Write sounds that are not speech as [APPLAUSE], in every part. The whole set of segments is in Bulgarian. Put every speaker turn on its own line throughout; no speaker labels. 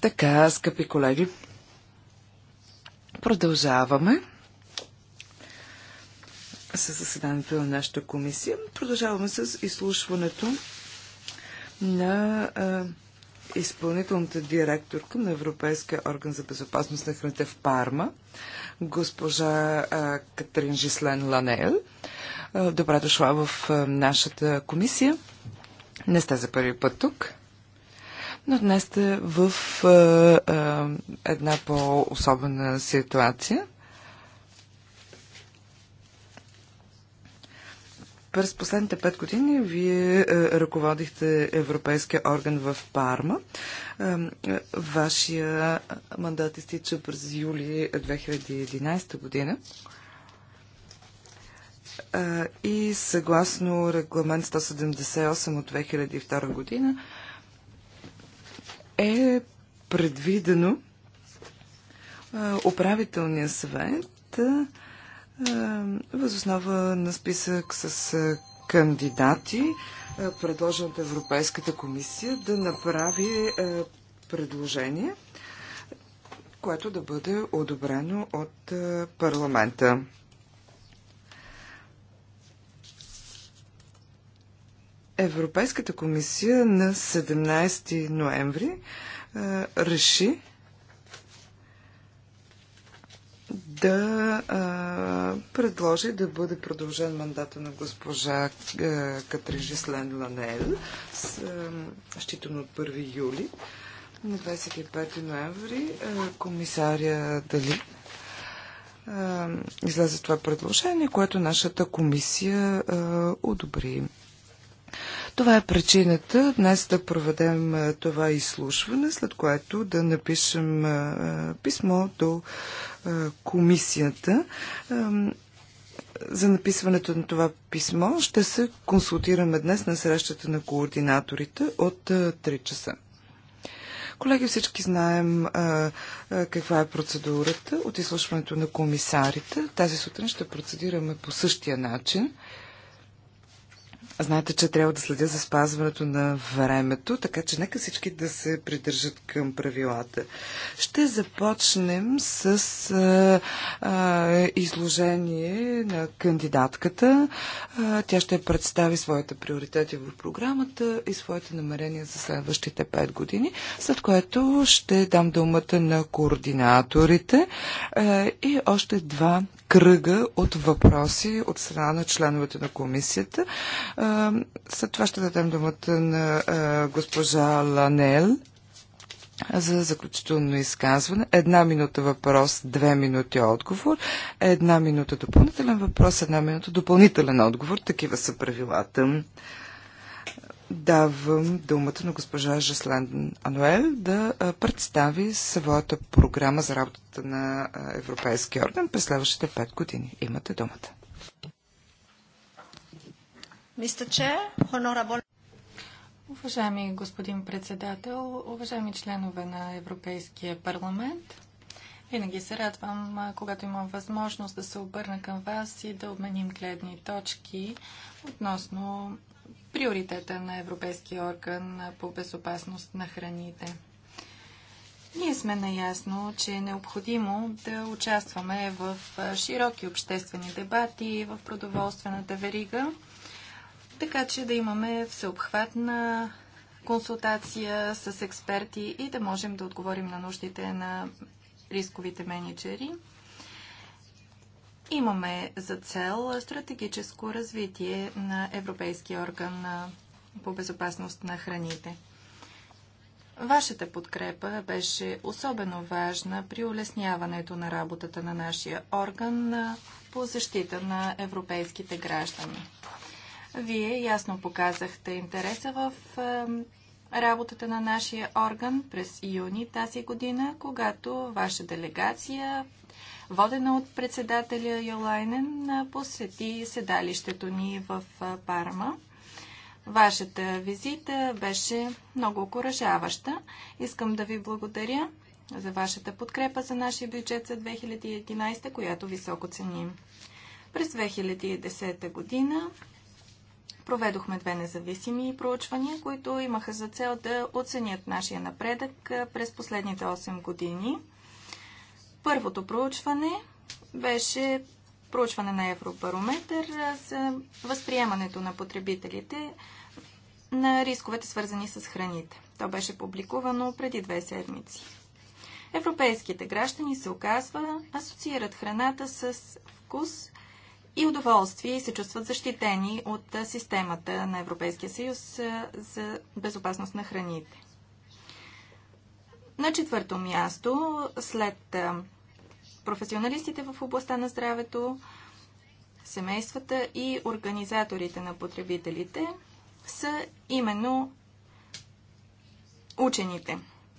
Така, скъпи колеги, продължаваме с заседанието на нашата комисия. Продължаваме с изслушването на а, изпълнителната директорка на Европейския орган за безопасност на храните в Парма, госпожа а, Катрин Жислен Ланел. А, добре дошла в а, нашата комисия. Не сте за първи път тук но днес сте в а, е, а, е, една по-особена ситуация. През последните пет години вие е, ръководихте Европейския орган в Парма. Вашия мандат изтича през юли 2011 година. И съгласно регламент 178 от 2002 година, е предвидено управителния съвет възоснова на списък с кандидати, предложен от Европейската комисия, да направи предложение, което да бъде одобрено от парламента. Европейската комисия на 17 ноември а, реши да а, предложи да бъде продължен мандата на госпожа Катрижи Слен Ланел, с, считано от 1 юли. На 25 ноември а, комисаря Дали излезе това предложение, което нашата комисия а, одобри. Това е причината днес да проведем това изслушване, след което да напишем писмо до комисията. За написването на това писмо ще се консултираме днес на срещата на координаторите от 3 часа. Колеги, всички знаем а, а, каква е процедурата от изслушването на комисарите. Тази сутрин ще процедираме по същия начин. Знаете, че трябва да следя за спазването на времето, така че нека всички да се придържат към правилата. Ще започнем с а, а, изложение на кандидатката. А, тя ще представи своите приоритети в програмата и своите намерения за следващите 5 години, след което ще дам думата на координаторите а, и още два кръга от въпроси от страна на членовете на комисията. След това ще дадем думата на госпожа Ланел за заключително изказване. Една минута въпрос, две минути отговор, една минута допълнителен въпрос, една минута допълнителен отговор. Такива са правилата. Давам думата на госпожа Жаслен Ануел да представи своята програма за работата на Европейския орган през следващите пет години. Имате думата.
Уважаеми господин председател, уважаеми членове на Европейския парламент, винаги се радвам, когато имам възможност да се обърна към вас и да обменим гледни точки относно приоритета на Европейския орган по безопасност на храните. Ние сме наясно, че е необходимо да участваме в широки обществени дебати в продоволствената верига така че да имаме всеобхватна консултация с експерти и да можем да отговорим на нуждите на рисковите менеджери. Имаме за цел стратегическо развитие на Европейския орган по безопасност на храните. Вашата подкрепа беше особено важна при улесняването на работата на нашия орган по защита на европейските граждани. Вие ясно показахте интереса в работата на нашия орган през юни тази година, когато ваша делегация, водена от председателя Йолайнен, посети седалището ни в Парма. Вашата визита беше много окоръжаваща. Искам да ви благодаря за вашата подкрепа за нашия бюджет за 2011, която високо ценим. През 2010 година проведохме две независими проучвания, които имаха за цел да оценят нашия напредък през последните 8 години. Първото проучване беше проучване на Евробарометър за възприемането на потребителите на рисковете, свързани с храните. То беше публикувано преди две седмици. Европейските граждани се оказва асоциират храната с вкус и удоволствие и се чувстват защитени от системата на Европейския съюз за безопасност на храните. На четвърто място, след професионалистите в областта на здравето, семействата и организаторите на потребителите са именно учените.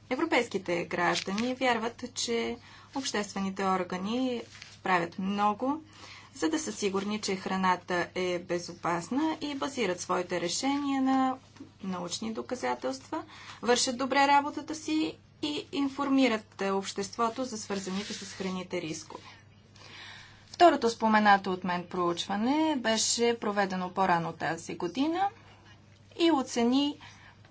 Европейските граждани вярват, че обществените органи правят много за да са сигурни, че храната е безопасна и базират своите решения на научни доказателства, вършат добре работата си и информират е, обществото за свързаните с храните рискове. Второто споменато от мен проучване беше проведено по-рано тази година и оцени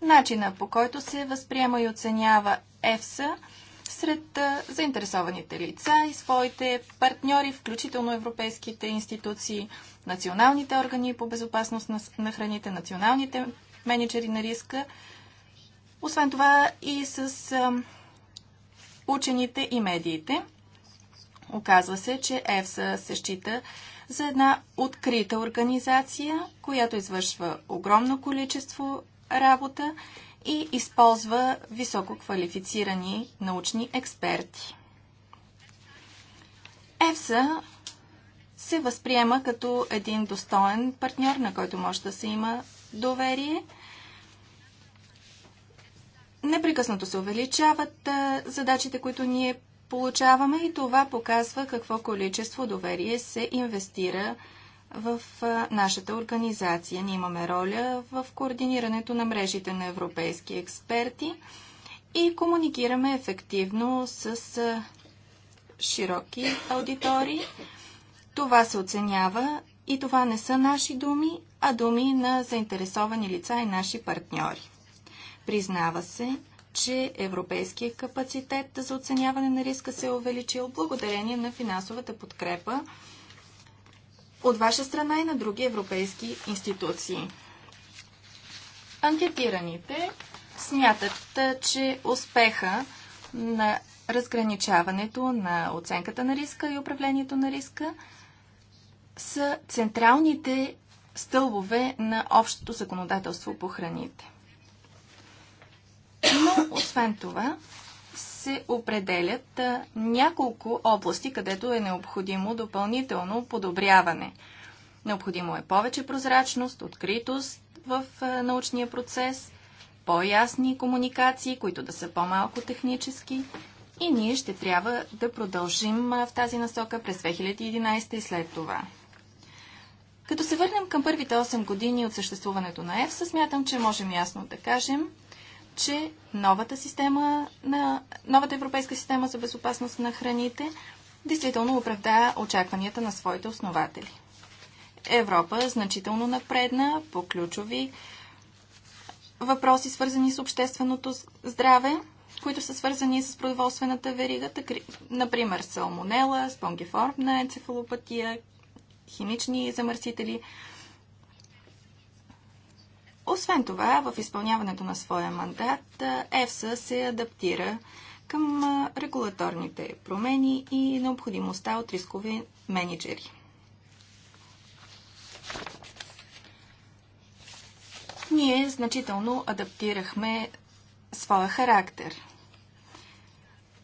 начина по който се възприема и оценява ЕФСА – сред заинтересованите лица и своите партньори, включително европейските институции, националните органи по безопасност на храните, националните менеджери на риска, освен това и с учените и медиите. Оказва се, че ЕФСА се счита за една открита организация, която извършва огромно количество работа и използва високо квалифицирани научни експерти. ЕФСА се възприема като един достоен партньор, на който може да се има доверие. Непрекъснато се увеличават задачите, които ние получаваме и това показва какво количество доверие се инвестира в нашата организация. Ние имаме роля в координирането на мрежите на европейски експерти и комуникираме ефективно с широки аудитории. Това се оценява и това не са наши думи, а думи на заинтересовани лица и наши партньори. Признава се, че европейският капацитет за оценяване на риска се е увеличил благодарение на финансовата подкрепа от ваша страна и на други европейски институции. Анкетираните смятат, че успеха на разграничаването на оценката на риска и управлението на риска са централните стълбове на общото законодателство по храните. Но, освен това, се определят няколко области, където е необходимо допълнително подобряване. Необходимо е повече прозрачност, откритост в научния процес, по-ясни комуникации, които да са по-малко технически. И ние ще трябва да продължим в тази насока през 2011 и след това. Като се върнем към първите 8 години от съществуването на ЕФСА, смятам, че можем ясно да кажем, че новата система на, новата европейска система за безопасност на храните действително оправдая очакванията на своите основатели. Европа значително напредна по ключови въпроси, свързани с общественото здраве, които са свързани с производствената верига, например салмонела, спонгиформна енцефалопатия, химични замърсители – освен това, в изпълняването на своя мандат ЕФСА се адаптира към регулаторните промени и необходимостта от рискови менеджери. Ние значително адаптирахме своя характер.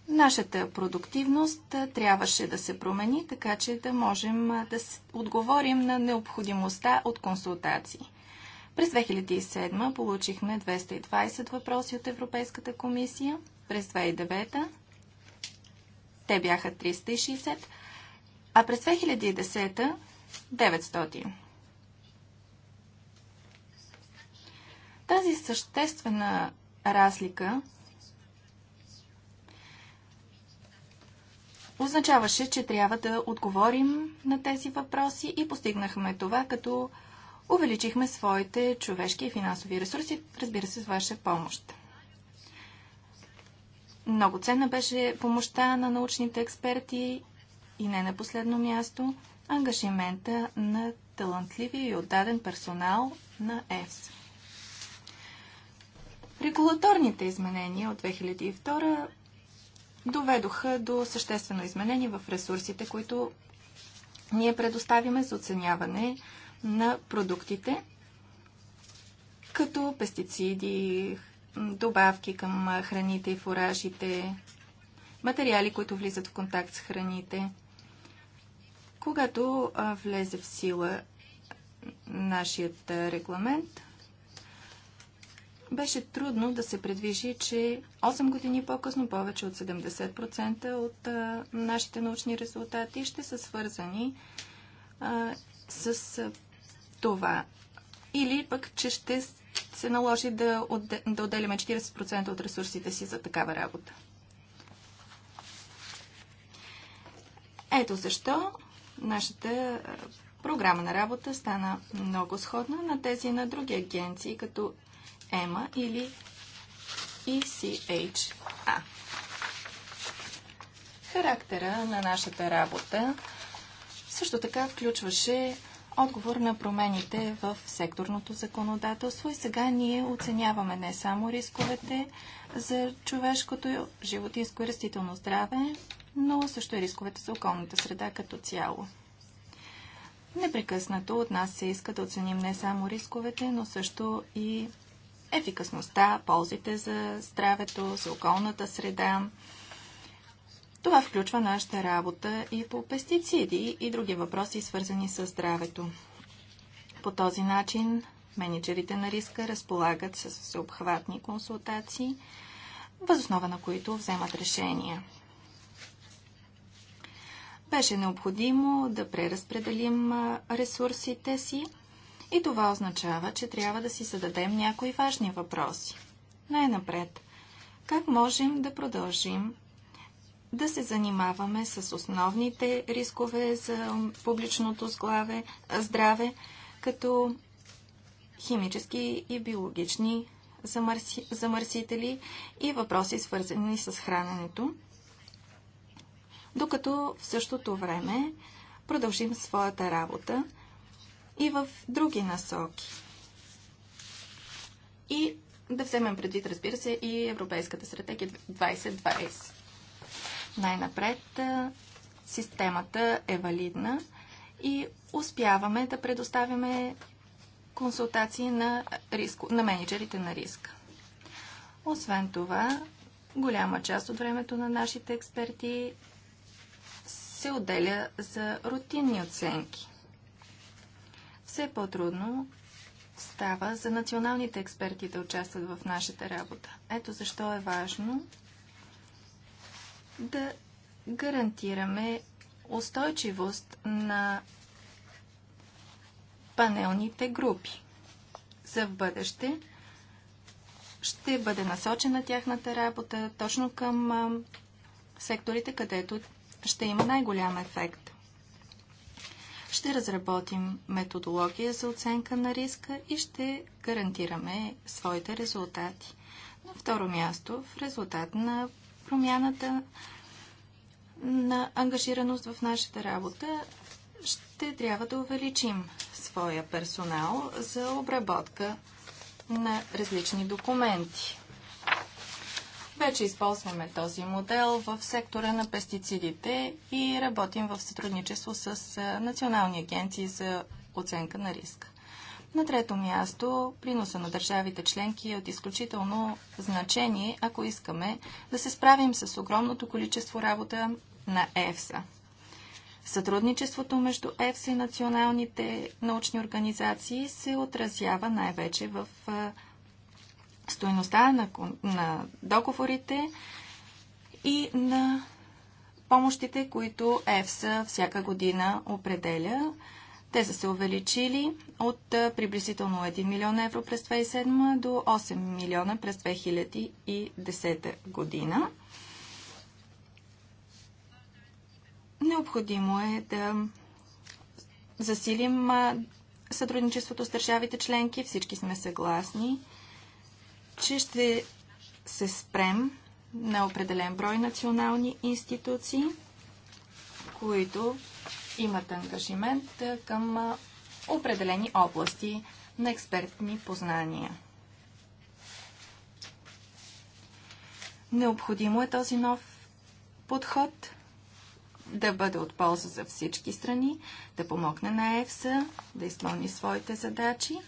Нашата продуктивност трябваше да се промени, така че да можем да отговорим на необходимостта от консултации. През 2007 получихме 220 въпроси от Европейската комисия. През 2009 те бяха 360, а през 2010 900. Тази съществена разлика означаваше, че трябва да отговорим на тези въпроси и постигнахме това, като увеличихме своите човешки и финансови ресурси, разбира се, с ваша помощ. Много ценна беше помощта на научните експерти и не на последно място ангажимента на талантливия и отдаден персонал на ЕФС. Регулаторните изменения от 2002 доведоха до съществено изменение в ресурсите, които ние предоставяме за оценяване на продуктите, като пестициди, добавки към храните и фуражите, материали, които влизат в контакт с храните. Когато влезе в сила нашият регламент, беше трудно да се предвижи, че 8 години по-късно повече от 70% от нашите научни резултати ще са свързани с това. Или пък, че ще се наложи да, отде, да отделяме 40% от ресурсите си за такава работа. Ето защо нашата програма на работа стана много сходна на тези на други агенции, като EMA или ECHA. Характера на нашата работа също така включваше отговор на промените в секторното законодателство и сега ние оценяваме не само рисковете за човешкото животинско и растително здраве, но също и рисковете за околната среда като цяло. Непрекъснато от нас се иска да оценим не само рисковете, но също и ефикасността, ползите за здравето, за околната среда, това включва нашата работа и по пестициди и други въпроси, свързани с здравето. По този начин менеджерите на риска разполагат с всеобхватни консултации, възоснова на които вземат решения. Беше необходимо да преразпределим ресурсите си и това означава, че трябва да си зададем някои важни въпроси. Най-напред, как можем да продължим да се занимаваме с основните рискове за публичното сглаве, здраве, като химически и биологични замърси, замърсители и въпроси свързани с храненето, докато в същото време продължим своята работа и в други насоки. И да вземем предвид, разбира се, и Европейската стратегия 2020. Най-напред системата е валидна и успяваме да предоставяме консултации на, риск, на менеджерите на риска. Освен това, голяма част от времето на нашите експерти се отделя за рутинни оценки. Все по-трудно става за националните експерти да участват в нашата работа. Ето защо е важно да гарантираме устойчивост на панелните групи. За в бъдеще ще бъде насочена тяхната работа точно към секторите, където ще има най-голям ефект. Ще разработим методология за оценка на риска и ще гарантираме своите резултати. На второ място, в резултат на промяната на ангажираност в нашата работа, ще трябва да увеличим своя персонал за обработка на различни документи. Вече използваме този модел в сектора на пестицидите и работим в сътрудничество с национални агенции за оценка на риска. На трето място, приноса на държавите членки е от изключително значение, ако искаме да се справим с огромното количество работа на ЕФСА. Сътрудничеството между ЕФСА и националните научни организации се отразява най-вече в стоеността на, на договорите и на помощите, които ЕФСА всяка година определя те са се увеличили от приблизително 1 милион евро през 2007 до 8 милиона през 2010 година. Необходимо е да засилим сътрудничеството с държавите членки. Всички сме съгласни, че ще се спрем на определен брой национални институции, които имат ангажимент към определени области на експертни познания. Необходимо е този нов подход да бъде от полза за всички страни, да помогне на ЕФСА да изпълни своите задачи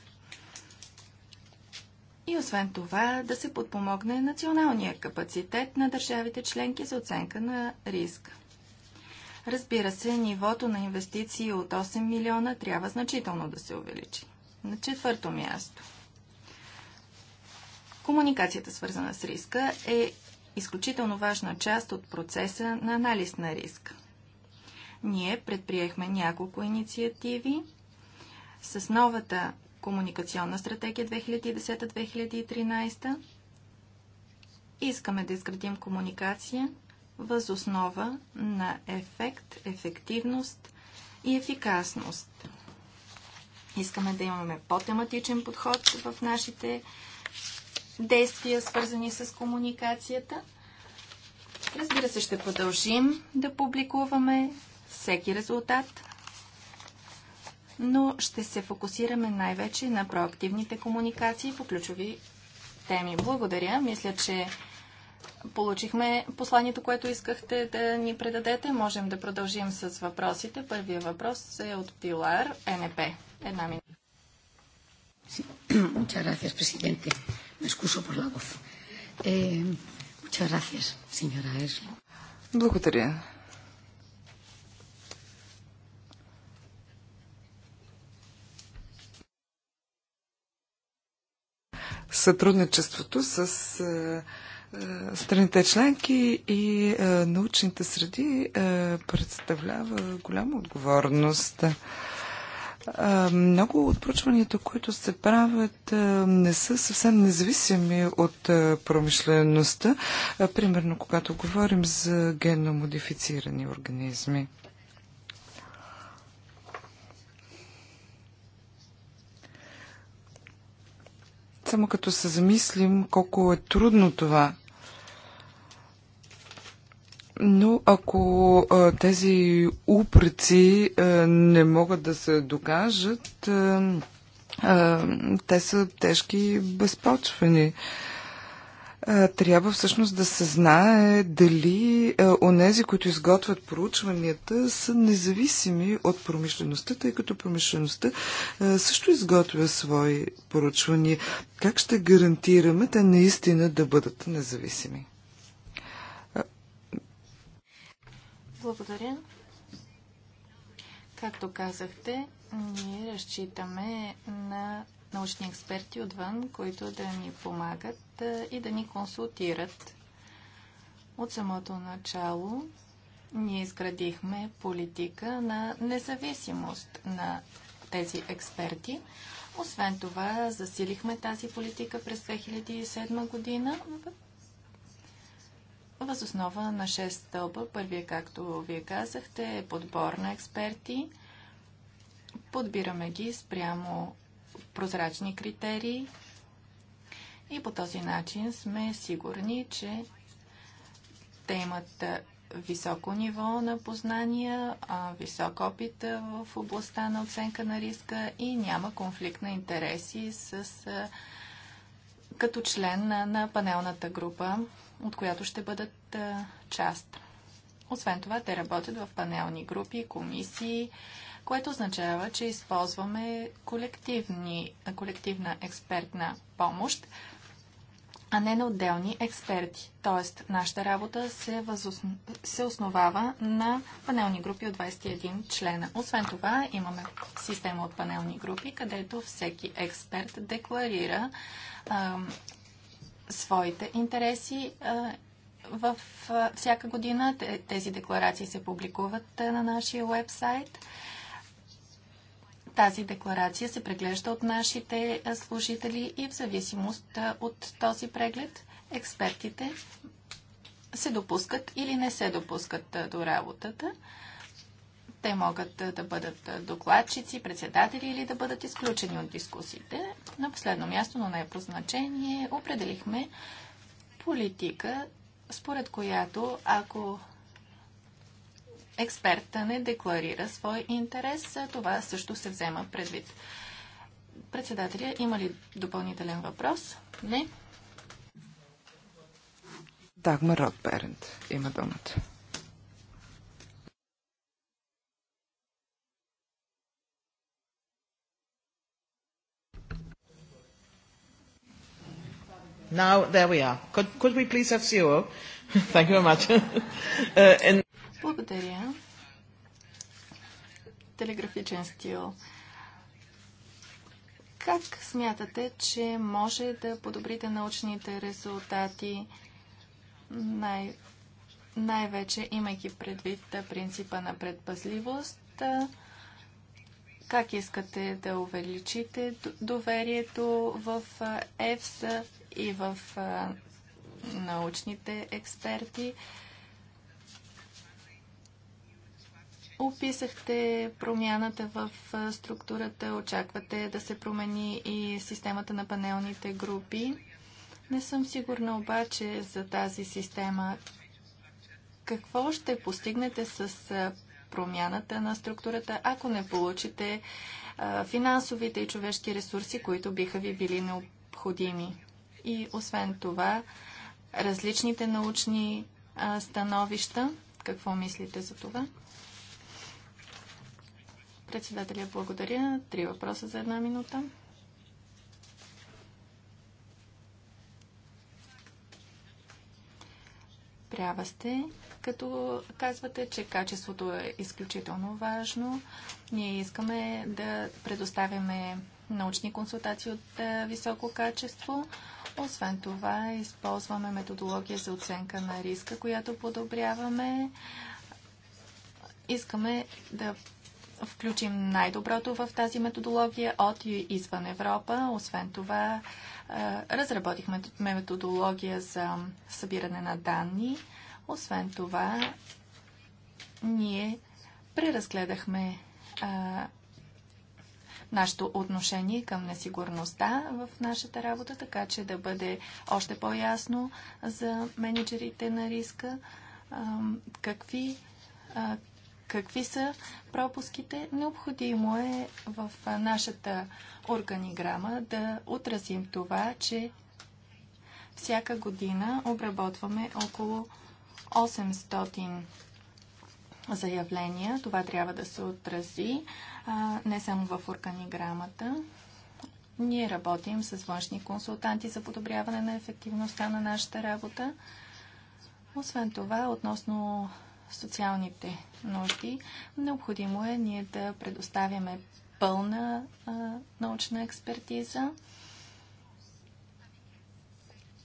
и освен това да се подпомогне националния капацитет на държавите членки за оценка на риска. Разбира се, нивото на инвестиции от 8 милиона трябва значително да се увеличи. На четвърто място. Комуникацията, свързана с риска, е изключително важна част от процеса на анализ на риска. Ние предприехме няколко инициативи с новата комуникационна стратегия 2010-2013. Искаме да изградим комуникация възоснова на ефект, ефективност и ефикасност. Искаме да имаме по-тематичен подход в нашите действия, свързани с комуникацията. Разбира се, ще продължим да публикуваме всеки резултат, но ще се фокусираме най-вече на проактивните комуникации по ключови теми. Благодаря. Мисля, че Получихме посланието, което искахте да ни предадете. Можем да продължим с въпросите. Първия въпрос е от Пилар, НП. Една минута.
Sí. [CLEARS THROAT] Muchas gracias, presidente. Me excuso por la voz. Eh, muchas gracias, señora Благодаря.
Сътрудничеството с е, страните членки и е, научните среди е, представлява голяма отговорност. Много от проучванията, които се правят, не са съвсем независими от промишлеността, примерно когато говорим за генно модифицирани организми. Само като се замислим колко е трудно това. Но ако а, тези упреци а, не могат да се докажат, а, а, те са тежки и безпочвени. А, трябва всъщност да се знае дали онези, които изготвят проучванията, са независими от промишлеността, тъй като промишлеността също изготвя свои проучвания. Как ще гарантираме те наистина да бъдат независими?
Благодаря. Както казахте, ние разчитаме на научни експерти отвън, които да ни помагат и да ни консултират. От самото начало ние изградихме политика на независимост на тези експерти. Освен това, засилихме тази политика през 2007 година въз основа на 6 стълба. Първият, както вие казахте, е подбор на експерти. Подбираме ги спрямо прозрачни критерии и по този начин сме сигурни, че те имат високо ниво на познания, висок опит в областта на оценка на риска и няма конфликт на интереси с, като член на, панелната група, от която ще бъдат част. Освен това, те работят в панелни групи, комисии, което означава, че използваме колективни, колективна експертна помощ, а не на отделни експерти. Тоест, нашата работа се, се основава на панелни групи от 21 члена. Освен това, имаме система от панелни групи, където всеки експерт декларира а, своите интереси. А, в а, всяка година тези декларации се публикуват на нашия вебсайт. сайт тази декларация се преглежда от нашите служители и в зависимост от този преглед експертите се допускат или не се допускат до работата. Те могат да бъдат докладчици, председатели или да бъдат изключени от дискусиите. На последно място, но не е по значение, определихме политика, според която ако експерта не декларира свой интерес, това също се взема предвид. Председателя, има ли допълнителен въпрос? Не.
Дагмар Ротберент има думата.
Now, there we are. Could, could we please have zero? [LAUGHS] Thank you very much. [LAUGHS] uh, and
благодаря. Телеграфичен стил. Как смятате, че може да подобрите научните резултати най- най-вече имайки предвид принципа на предпазливост? Как искате да увеличите доверието в ЕФСА и в научните експерти? Описахте промяната в структурата, очаквате да се промени и системата на панелните групи. Не съм сигурна обаче за тази система. Какво ще постигнете с промяната на структурата, ако не получите финансовите и човешки ресурси, които биха ви били необходими? И освен това, различните научни становища. Какво мислите за това? Председателя, благодаря. Три въпроса за една минута. Права сте, като казвате, че качеството е изключително важно. Ние искаме да предоставяме научни консултации от е, високо качество. Освен това, използваме методология за оценка на риска, която подобряваме. Искаме да включим най-доброто в тази методология от и извън Европа. Освен това, е, разработихме методология за събиране на данни. Освен това, ние преразгледахме е, нашето отношение към несигурността в нашата работа, така че да бъде още по-ясно за менеджерите на риска е, какви какви са пропуските. Необходимо е в нашата органиграма да отразим това, че всяка година обработваме около 800 заявления. Това трябва да се отрази не само в органиграмата. Ние работим с външни консултанти за подобряване на ефективността на нашата работа. Освен това, относно социалните нужди, необходимо е ние да предоставяме пълна а, научна експертиза,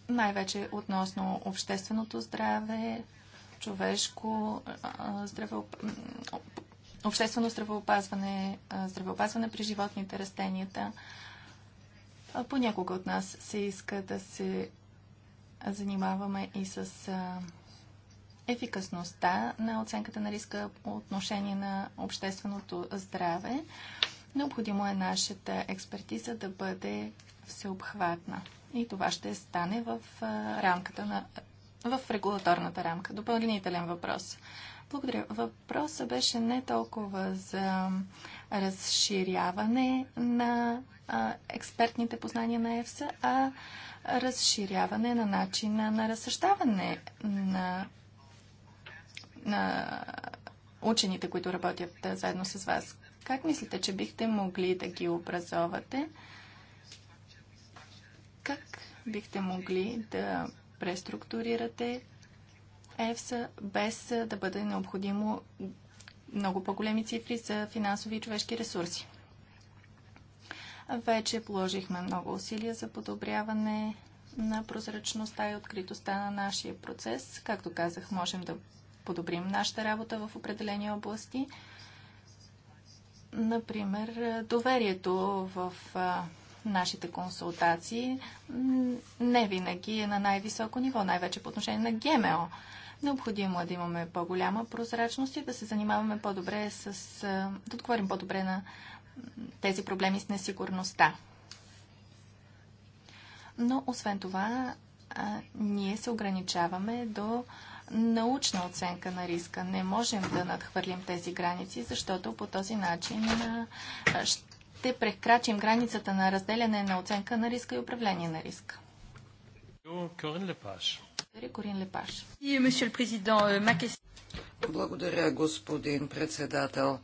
най-вече относно общественото здраве, човешко а, здравеоп... обществено здравеопазване, а, здравеопазване при животните, растенията. А, понякога от нас се иска да се занимаваме и с а, ефикасността на оценката на риска по отношение на общественото здраве. Необходимо е нашата експертиза да бъде всеобхватна. И това ще стане в рамката на в регулаторната рамка. Допълнителен въпрос. Благодаря. Въпросът беше не толкова за разширяване на а, експертните познания на ЕФСА, а разширяване на начина на разсъщаване на на учените, които работят заедно с вас. Как мислите, че бихте могли да ги образовате? Как бихте могли да преструктурирате ЕФСА без да бъде необходимо много по-големи цифри за финансови и човешки ресурси? Вече положихме много усилия за подобряване на прозрачността и откритостта на нашия процес. Както казах, можем да подобрим нашата работа в определени области. Например, доверието в нашите консултации не винаги е на най-високо ниво, най-вече по отношение на ГМО. Необходимо е да имаме по-голяма прозрачност и да се занимаваме по-добре с... да отговорим по-добре на тези проблеми с несигурността. Но, освен това, ние се ограничаваме до научна оценка на риска. Не можем да надхвърлим тези граници, защото по този начин ще прекрачим границата на разделяне на оценка на риска и управление на риска.
Корин Лепаш. Корин Лепаш. Е,
Благодаря, господин председател.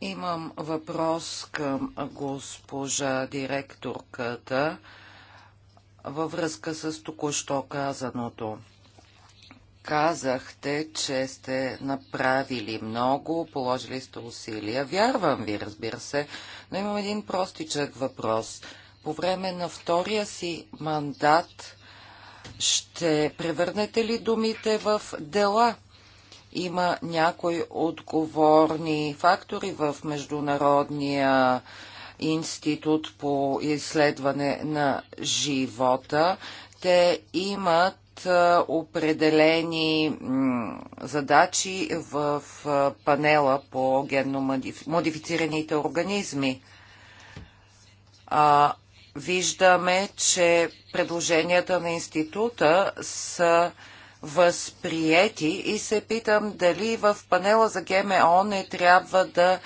Имам въпрос към госпожа директорката във връзка с току-що казаното казахте, че сте направили много, положили сте усилия. Вярвам ви, разбира се, но имам един простичък въпрос. По време на втория си мандат ще превърнете ли думите в дела? Има някои отговорни фактори в Международния институт по изследване на живота. Те имат определени задачи в панела по генно модифицираните организми. Виждаме, че предложенията на института са възприети и се питам дали в панела за ГМО не трябва да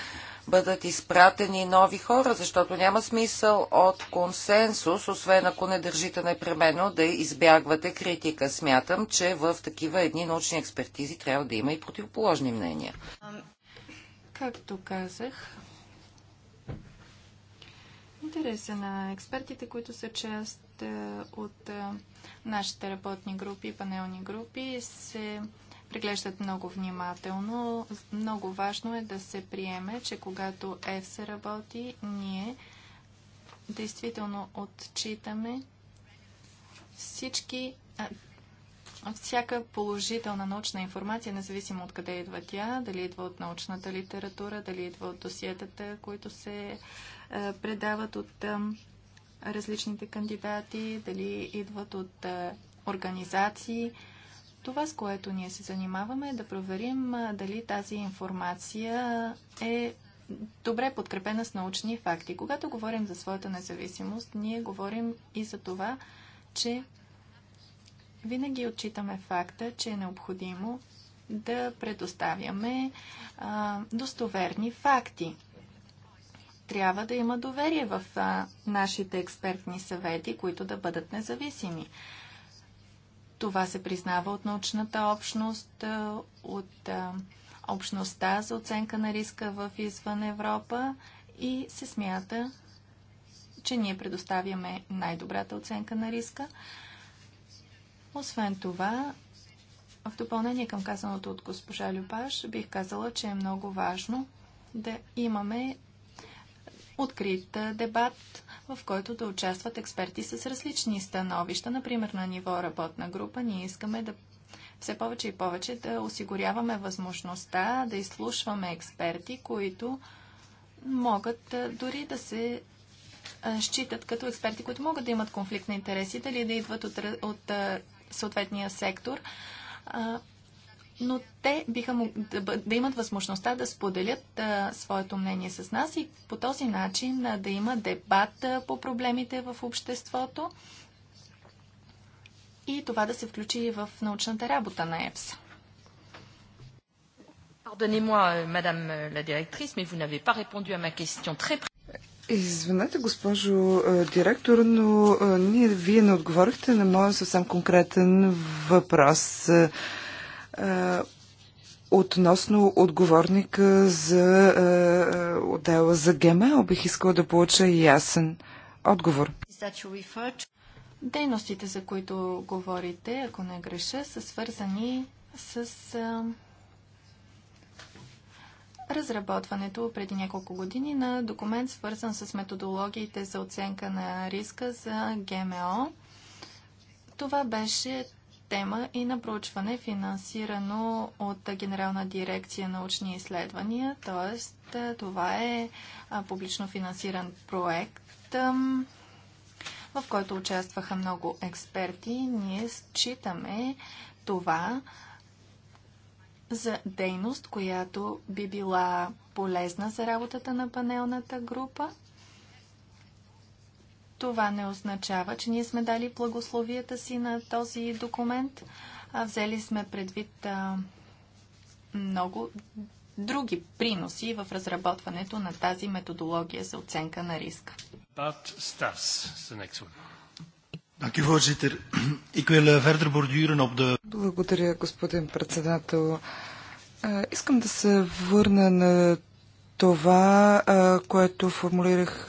бъдат изпратени нови хора, защото няма смисъл от консенсус, освен ако не държите непременно да избягвате критика. Смятам, че в такива едни научни експертизи трябва да има и противоположни
мнения. Както казах, интереса на експертите, които са част е, от е, нашите работни групи, панелни групи, се преглеждат много внимателно. Много важно е да се приеме, че когато се работи, ние действително отчитаме всички, всяка положителна научна информация, независимо от къде идва тя, дали идва от научната литература, дали идва от досиетата, които се предават от различните кандидати, дали идват от организации, това, с което ние се занимаваме, е да проверим дали тази информация е добре подкрепена с научни факти. Когато говорим за своята независимост, ние говорим и за това, че винаги отчитаме факта, че е необходимо да предоставяме а, достоверни факти. Трябва да има доверие в а, нашите експертни съвети, които да бъдат независими. Това се признава от научната общност, е, от е, общността за оценка на риска в извън Европа и се смята, че ние предоставяме най-добрата оценка на риска. Освен това, в допълнение към казаното от госпожа Любаш, бих казала, че е много важно да имаме открит е, дебат в който да участват експерти с различни становища. Например, на ниво работна група ние искаме да все повече и повече да осигуряваме възможността да изслушваме експерти, които могат дори да се считат като експерти, които могат да имат конфликт на интереси, дали да идват от, от съответния сектор но те биха мог, да, да имат възможността да споделят а, своето мнение с нас и по този начин а, да има дебат а, по проблемите в обществото и това да се включи в научната работа на ЕПС.
Euh, euh,
Извинете, госпожо директор, но ние, вие не отговорихте на моят съвсем конкретен въпрос относно отговорника за е, отдела за ГМО, бих искала да получа ясен отговор.
Дейностите, за които говорите, ако не греша, са свързани с е, разработването преди няколко години на документ, свързан с методологиите за оценка на риска за ГМО. Това беше система и на проучване, финансирано от Генерална дирекция научни изследвания, т.е. това е публично финансиран проект, в който участваха много експерти. Ние считаме това за дейност, която би била полезна за работата на панелната група – това не означава, че ние сме дали благословията си на този документ. А взели сме предвид а, много други приноси в разработването на тази методология за оценка на риска.
Благодаря, господин председател. Е, искам да се върна на това, което формулирах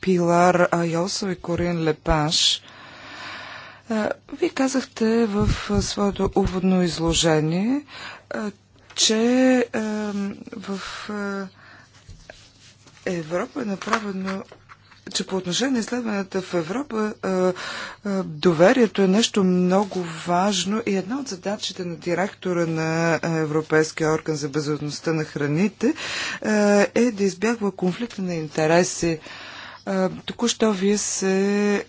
Пилар Айосов и Корин Лепаш. Вие казахте в своето уводно изложение, че в Европа е направено че по отношение на изследванията в Европа доверието е нещо много важно и една от задачите на директора на Европейския орган за безопасността на храните е да избягва конфликта на интереси Току-що вие се е,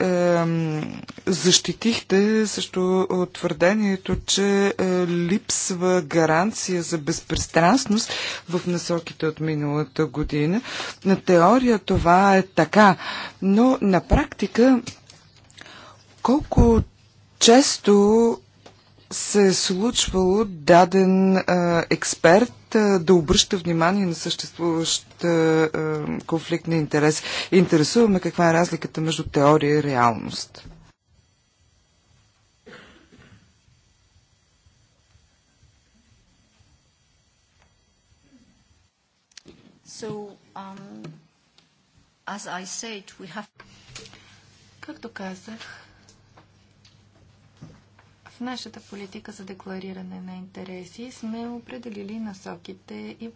защитихте също от твърдението, че е, липсва гаранция за безпристрастност в насоките от миналата година. На теория това е така, но на практика колко често се е случвало даден а, експерт а, да обръща внимание на съществуващ а, конфликт на интерес. Интересуваме каква е разликата между теория и реалност.
So, um, as I said,
we have... Както казах, в нашата политика за деклариране на интереси сме определили насоките и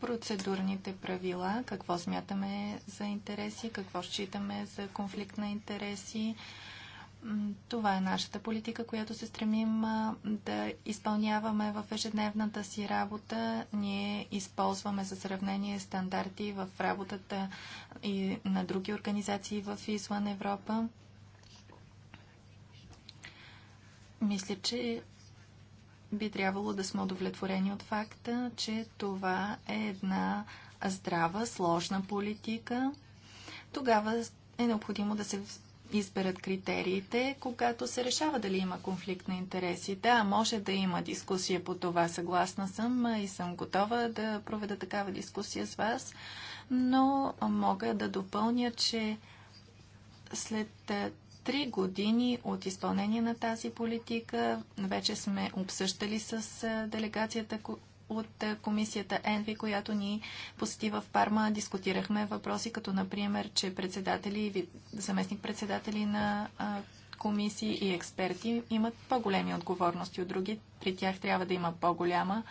процедурните правила, какво смятаме за интереси, какво считаме за конфликт на интереси. Това е нашата политика, която се стремим да изпълняваме в ежедневната си работа. Ние използваме за сравнение стандарти в работата и на други организации в Извън Европа. Мисля, че би трябвало да сме удовлетворени от факта, че това е една здрава, сложна политика. Тогава е необходимо да се изберат критериите, когато се решава дали има конфликт на интереси. Да, може да има дискусия по това, съгласна съм и съм готова да проведа такава дискусия с вас, но мога да допълня, че след Три години от изпълнение на тази политика вече сме обсъщали с делегацията от комисията ЕНВИ, която ни посети в Парма. Дискутирахме въпроси, като например, че председатели и заместник-председатели на комисии и експерти имат по-големи отговорности от други. При тях трябва да има по-голяма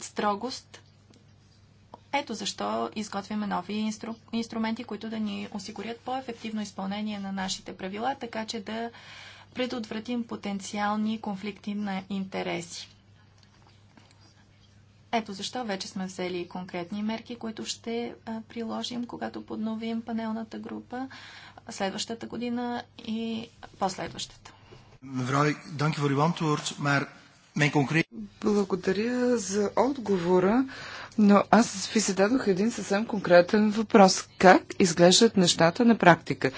строгост ето защо изготвяме нови инстру... инструменти, които да ни осигурят по-ефективно изпълнение на нашите правила, така че да предотвратим потенциални конфликти на интереси. Ето защо вече сме взели конкретни мерки, които ще приложим, когато подновим панелната група следващата година и последващата.
Благодаря за отговора. Но аз ви зададох един съвсем конкретен въпрос. Как изглеждат нещата на практика?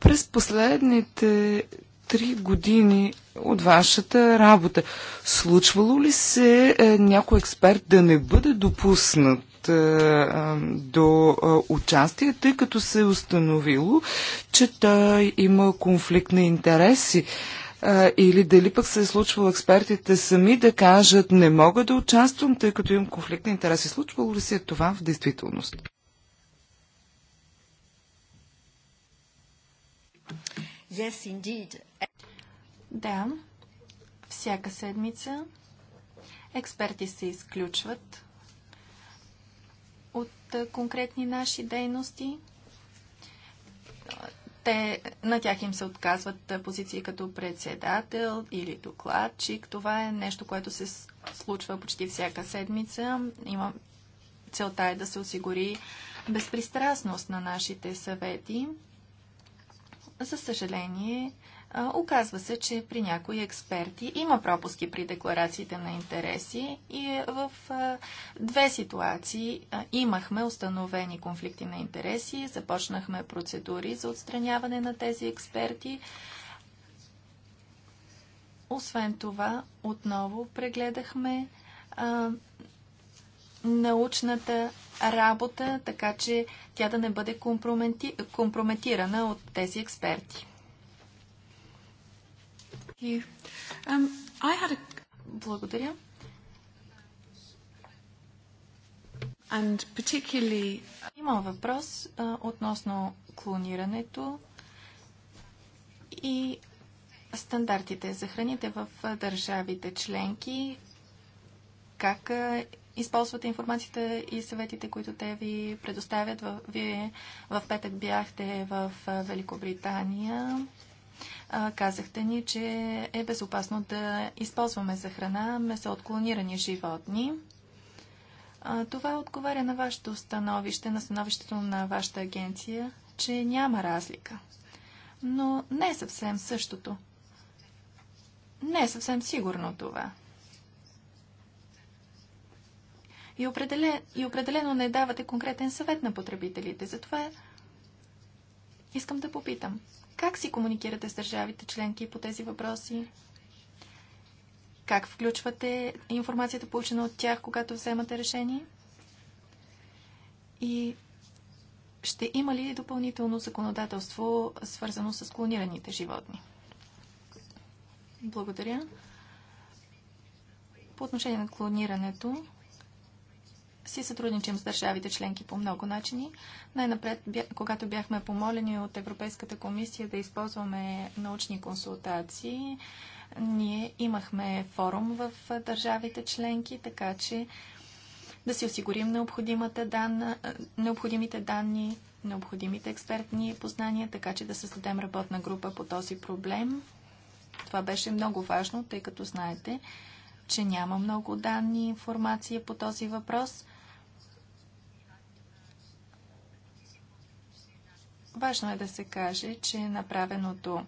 През последните три години от вашата работа, случвало ли се е, някой експерт да не бъде допуснат? Е, до е, участие, тъй като се е установило, че той има конфликт на интереси или дали пък се е случвало експертите сами да кажат не мога да участвам, тъй като имам конфликт на интереси. Случвало ли се е това в действителност?
Yes, indeed. Да, всяка седмица експерти се изключват от конкретни наши дейности – те, на тях им се отказват позиции като председател или докладчик. Това е нещо, което се случва почти всяка седмица. Има... Целта е да се осигури безпристрастност на нашите съвети. За съжаление, оказва се, че при някои експерти има пропуски при декларациите на интереси и е в две ситуации имахме установени конфликти на интереси, започнахме процедури за отстраняване на тези експерти. Освен това, отново прегледахме научната работа, така че тя да не бъде компрометирана от тези експерти. Um, a... Благодаря. And particularly... Uh, Имам въпрос а, относно клонирането и стандартите за храните в държавите членки. Как а, използвате информацията и съветите, които те ви предоставят? В, вие в петък бяхте в Великобритания. Казахте ни, че е безопасно да използваме за храна месо от клонирани животни. Това отговаря на вашето становище, на становището на вашата агенция, че няма разлика. Но не е съвсем същото. Не е съвсем сигурно това. И, определен, и определено не давате конкретен съвет на потребителите. Затова искам да попитам. Как си комуникирате с държавите членки по тези въпроси? Как включвате информацията, получена от тях, когато вземате решение? И ще има ли допълнително законодателство, свързано с клонираните животни? Благодаря. По отношение на клонирането, си сътрудничим с държавите членки по много начини. Най-напред, когато бяхме помолени от Европейската комисия да използваме научни консултации, ние имахме форум в държавите членки, така че да си осигурим данна, необходимите данни, необходимите експертни познания, така че да създадем работна група по този проблем. Това беше много важно, тъй като знаете, че няма много данни и информация по този въпрос. Важно е да се каже, че направеното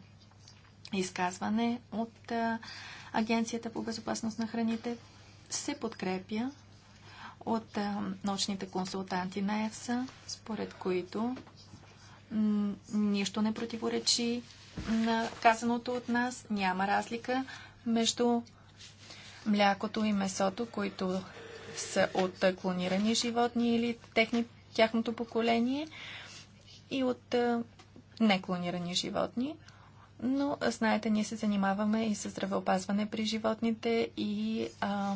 изказване от Агенцията по безопасност на храните се подкрепя от научните консултанти на ЕФСА, според които нищо не противоречи на казаното от нас. Няма разлика между млякото и месото, които са от клонирани животни или техни, тяхното поколение и от неклонирани животни. Но, знаете, ние се занимаваме и с здравеопазване при животните и а,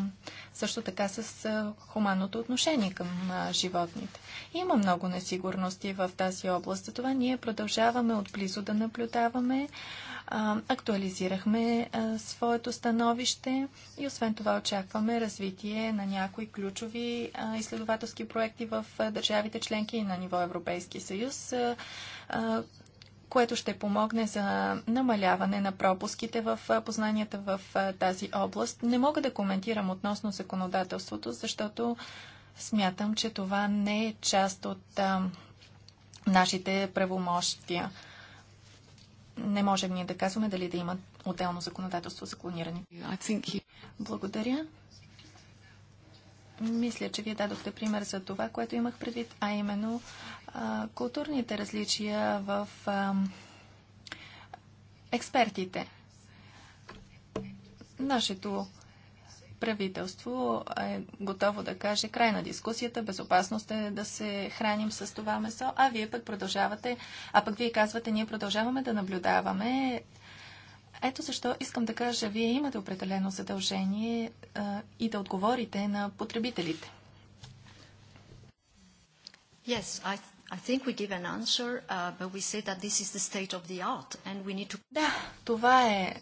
също така с а, хуманното отношение към а, животните. Има много несигурности в тази област, затова ние продължаваме отблизо да наблюдаваме. Актуализирахме своето становище и освен това очакваме развитие на някои ключови изследователски проекти в държавите членки и на ниво Европейски съюз, което ще помогне за намаляване на пропуските в познанията в тази област. Не мога да коментирам относно законодателството, защото смятам, че това не е част от нашите правомощия не можем ние да казваме дали да има отделно законодателство за клониране. Благодаря. Мисля, че вие дадохте пример за това, което имах предвид, а именно а, културните различия в а, експертите. Нашето правителство е готово да каже край на дискусията, безопасност е да се храним с това месо, а вие пък продължавате, а пък вие казвате, ние продължаваме да наблюдаваме. Ето защо искам да кажа, вие имате определено задължение а, и да отговорите на потребителите.
Yes, I I think we give an answer, uh, but we say that this is the state of the art and we need to... Да,
това е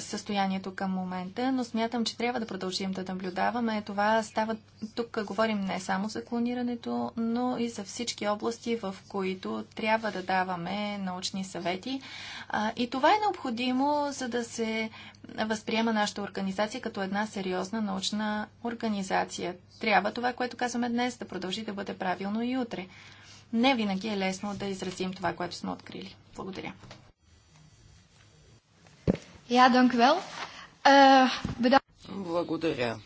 състоянието към момента, но смятам, че трябва да продължим да наблюдаваме. Това става, тук говорим не само за клонирането, но и за всички области, в които трябва да даваме научни съвети. и това е необходимо, за да се възприема нашата организация като една сериозна научна организация. Трябва това, което казваме днес, да продължи да бъде правилно и утре. Не винаги е лесно да изразим това, което сме открили. Благодаря. Ja,
dank u wel. Uh, bedankt. Благодаря.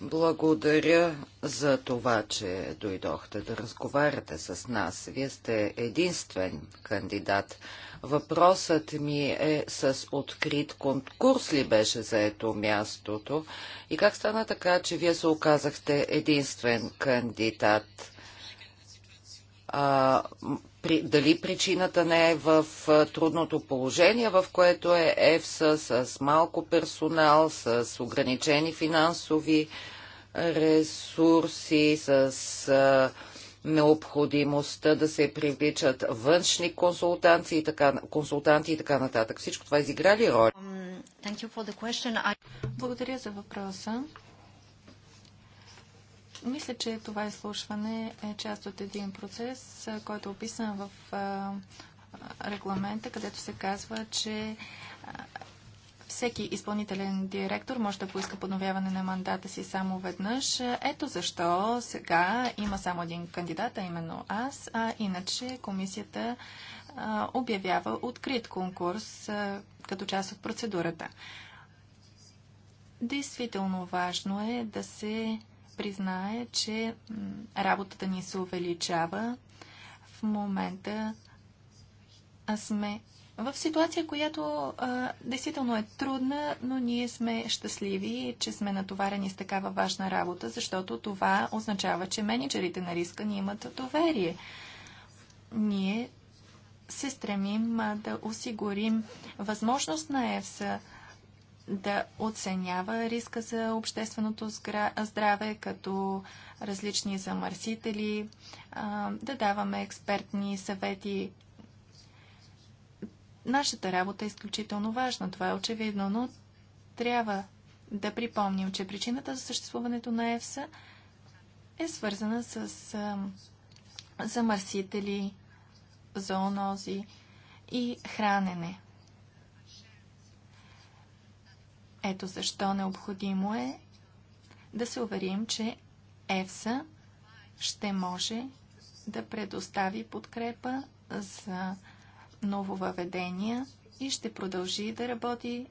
Благодаря за това, че дойдохте да разговаряте с нас. Вие сте единствен кандидат. Въпросът ми е с открит конкурс ли беше за ето мястото и как стана така, че вие се оказахте единствен кандидат? а, при, дали причината не е в трудното положение, в което е ЕФСА с малко персонал, с ограничени финансови ресурси, с а, необходимостта да се привличат външни консултанти и така, консултанти и така нататък. Всичко това изиграли роля?
Благодаря за въпроса. Мисля, че това изслушване е част от един процес, който е описан в регламента, където се казва, че всеки изпълнителен директор може да поиска подновяване на мандата си само веднъж. Ето защо сега има само един кандидат, а именно аз, а иначе комисията обявява открит конкурс като част от процедурата. Действително важно е да се признае, че работата ни се увеличава. В момента сме в ситуация, която а, действително е трудна, но ние сме щастливи, че сме натоварени с такава важна работа, защото това означава, че менеджерите на риска ни имат доверие. Ние се стремим а, да осигурим възможност на ЕФСА да оценява риска за общественото здраве, като различни замърсители, да даваме експертни съвети. Нашата работа е изключително важна, това е очевидно, но трябва да припомним, че причината за съществуването на ЕФСА е свързана с замърсители, зоонози и хранене. Ето защо необходимо е да се уверим, че ЕФСА ще може да предостави подкрепа за нововъведения и ще продължи да работи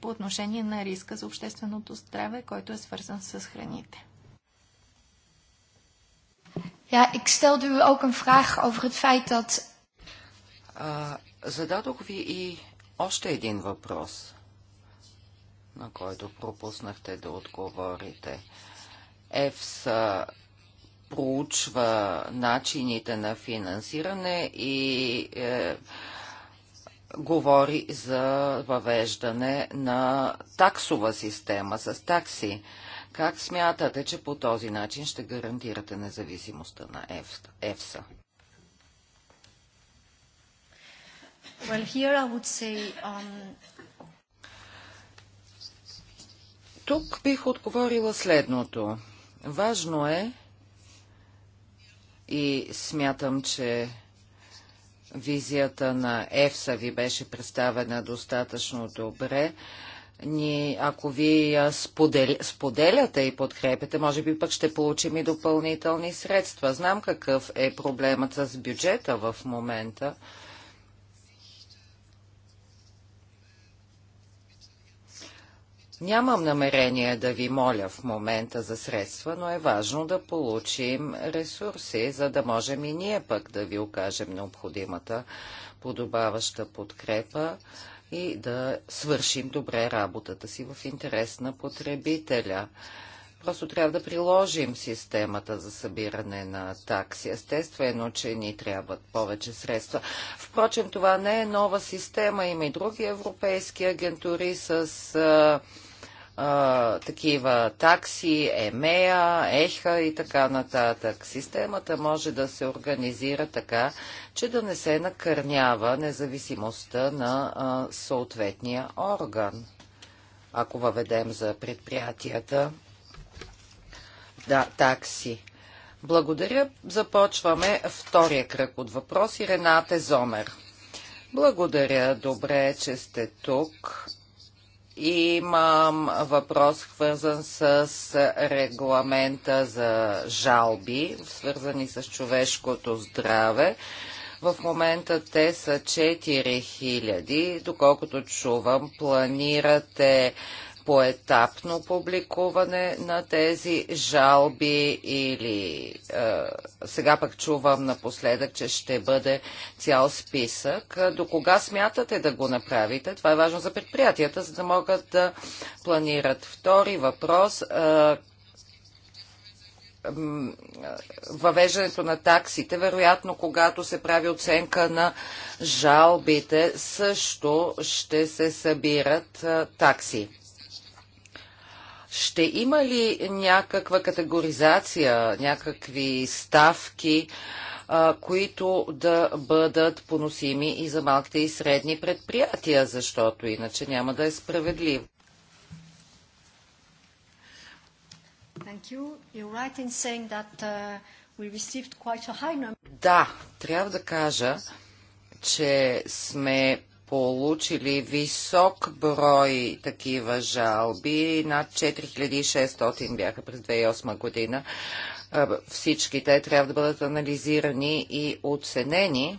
по отношение на риска за общественото здраве, който е свързан с храните. Ja, ik stelde u ook een vraag over het feit dat...
Uh, зададох ви и още един въпрос на който пропуснахте да отговорите. ЕФС проучва начините на финансиране и е, говори за въвеждане на таксова система с такси. Как смятате, че по този начин ще гарантирате независимостта на ЕФСА?
Well, here I would say um, тук бих
отговорила следното. Важно е и смятам, че визията на ЕФСА ви беше представена достатъчно добре. Ни, ако ви я споделя, споделяте и подкрепите, може би пък ще получим и допълнителни средства. Знам какъв е проблемът с бюджета в момента. Нямам намерение да ви моля в момента за средства, но е важно да получим ресурси, за да можем и ние пък да ви окажем необходимата подобаваща подкрепа и да свършим добре работата си в интерес на потребителя. Просто трябва да приложим системата за събиране на такси. Естествено, че ни трябват повече средства. Впрочем, това не е нова система. Има и други европейски агентури с такива такси, ЕМЕА, ЕХА и така нататък. Системата може да се организира така, че да не се накърнява независимостта на а, съответния орган. Ако въведем за предприятията да, такси. Благодаря. Започваме втория кръг от въпроси. Рената Зомер. Благодаря. Добре, че сте тук. Имам въпрос, свързан с регламента за жалби, свързани с човешкото здраве. В момента те са 4000. Доколкото чувам, планирате поетапно публикуване на тези жалби или е, сега пък чувам напоследък, че ще бъде цял списък. До кога смятате да го направите? Това е важно за предприятията, за да могат да планират. Втори въпрос. Е, въвеждането на таксите, вероятно когато се прави оценка на жалбите, също ще се събират е, такси. Ще има ли някаква категоризация, някакви ставки, а, които да бъдат поносими и за малките и средни предприятия, защото иначе няма да е справедливо?
Uh,
да, трябва да кажа, че сме получили висок брой такива жалби. Над 4600 бяха през 2008 година. Всички те трябва да бъдат анализирани и оценени.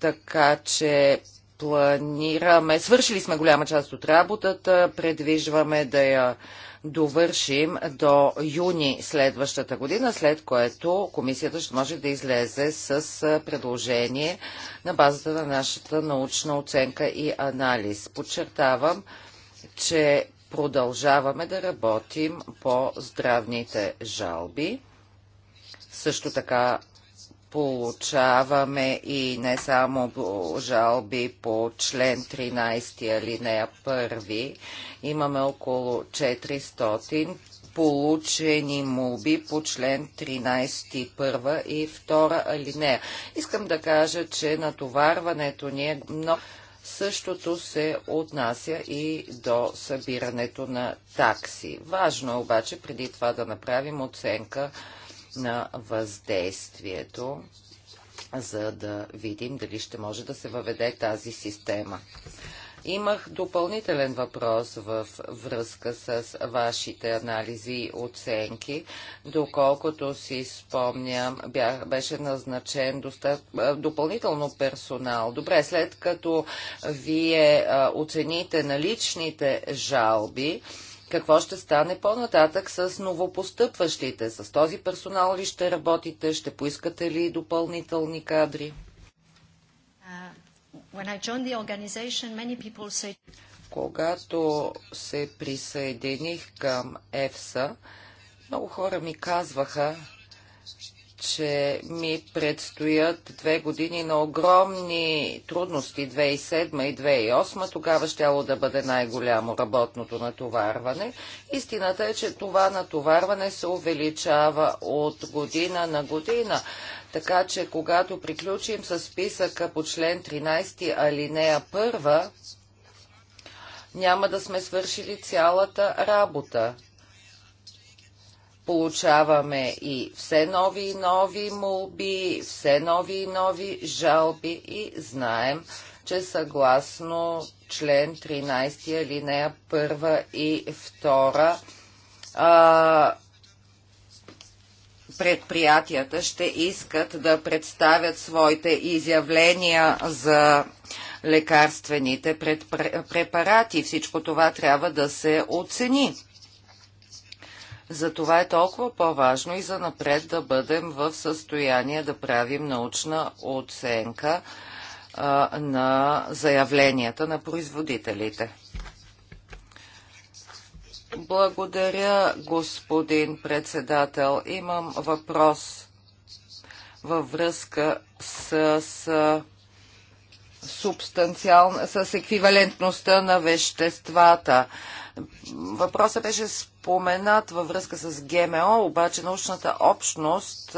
Така че планираме, свършили сме голяма част от работата, предвижваме да я довършим до юни следващата година, след което комисията ще може да излезе с предложение на базата на нашата научна оценка и анализ. Подчертавам, че продължаваме да работим по здравните жалби. Също така Получаваме и не само жалби по член 13 алинея 1. Имаме около 400 получени молби по член 13 първа и втора алинея. Искам да кажа, че натоварването ни е много. Същото се отнася и до събирането на такси. Важно е обаче преди това да направим оценка на въздействието, за да видим дали ще може да се въведе тази система. Имах допълнителен въпрос в връзка с вашите анализи и оценки. Доколкото си спомням, бях, беше назначен допълнително персонал. Добре, след като вие а, оцените наличните жалби, какво ще стане по-нататък с новопостъпващите? С този персонал ли ще работите? Ще поискате ли допълнителни кадри? Uh, Когато се присъединих към ЕФСА, много хора ми казваха, че ми предстоят две години на огромни трудности 2007 и 2008. Тогава щяло да бъде най-голямо работното натоварване. Истината е, че това натоварване се увеличава от година на година. Така че, когато приключим с списъка по член 13 алинея 1, няма да сме свършили цялата работа. Получаваме и все нови и нови молби, все нови и нови жалби и знаем, че съгласно член 13 алинея 1 и 2 а, предприятията ще искат да представят своите изявления за лекарствените препарати. Всичко това трябва да се оцени. Затова е толкова по-важно и за напред да бъдем в състояние да правим научна оценка а, на заявленията на производителите. Благодаря, господин председател. Имам въпрос във връзка с, с, субстанциал, с еквивалентността на веществата. Въпросът беше споменат във връзка с ГМО, обаче научната общност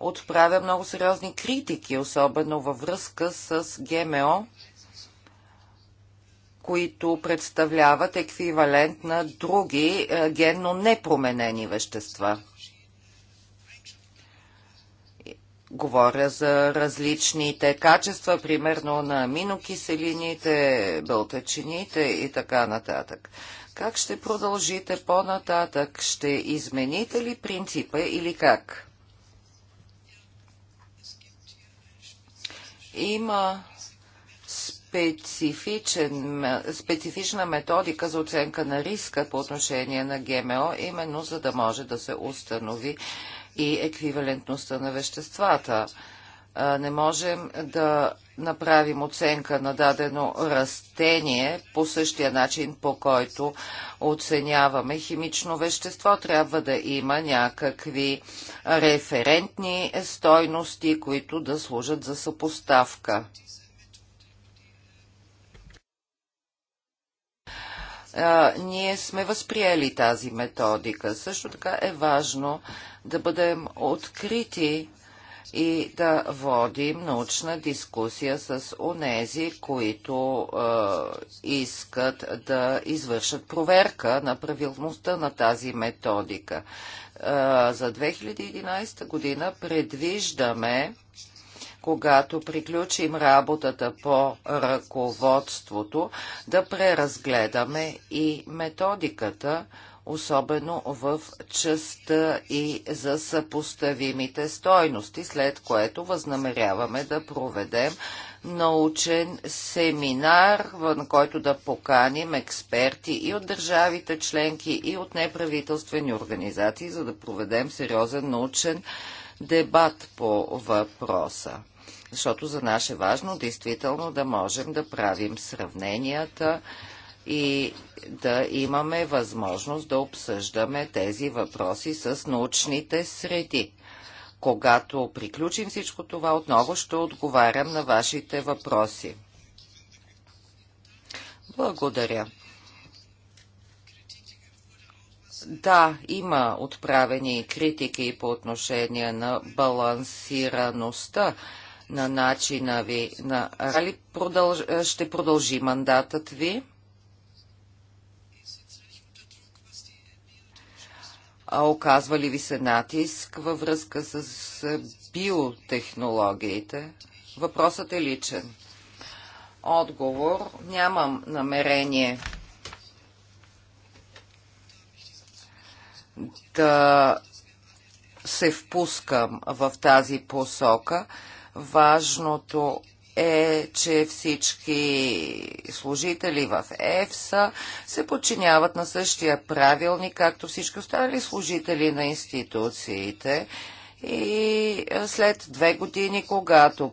отправя много сериозни критики, особено във връзка с ГМО, които представляват еквивалент на други генно непроменени вещества. Говоря за различните качества, примерно на аминокиселините, бълтачините и така нататък. Как ще продължите по-нататък? Ще измените ли принципа или как? Има специфична методика за оценка на риска по отношение на ГМО, именно за да може да се установи и еквивалентността на веществата. Не можем да направим оценка на дадено растение по същия начин, по който оценяваме химично вещество. Трябва да има някакви референтни стойности, които да служат за съпоставка. а, ние сме възприели тази методика. Също така е важно да бъдем открити и да водим научна дискусия с онези, които а, искат да извършат проверка на правилността на тази методика. А, за 2011 година предвиждаме когато приключим работата по ръководството, да преразгледаме и методиката, особено в частта и за съпоставимите стойности, след което възнамеряваме да проведем научен семинар, на който да поканим експерти и от държавите членки, и от неправителствени организации, за да проведем сериозен научен дебат по въпроса защото за нас е важно действително да можем да правим сравненията и да имаме възможност да обсъждаме тези въпроси с научните среди. Когато приключим всичко това, отново ще отговарям на вашите въпроси. Благодаря. Да, има отправени критики по отношение на балансираността на начина ви на рали. Продълж... Е, ще продължи мандатът ви. А оказва ли ви се натиск във връзка с биотехнологиите? Въпросът е личен. Отговор нямам намерение да се впускам в тази посока. Важното е, че всички служители в ЕФСА се подчиняват на същия правилник, както всички останали служители на институциите. И след две години, когато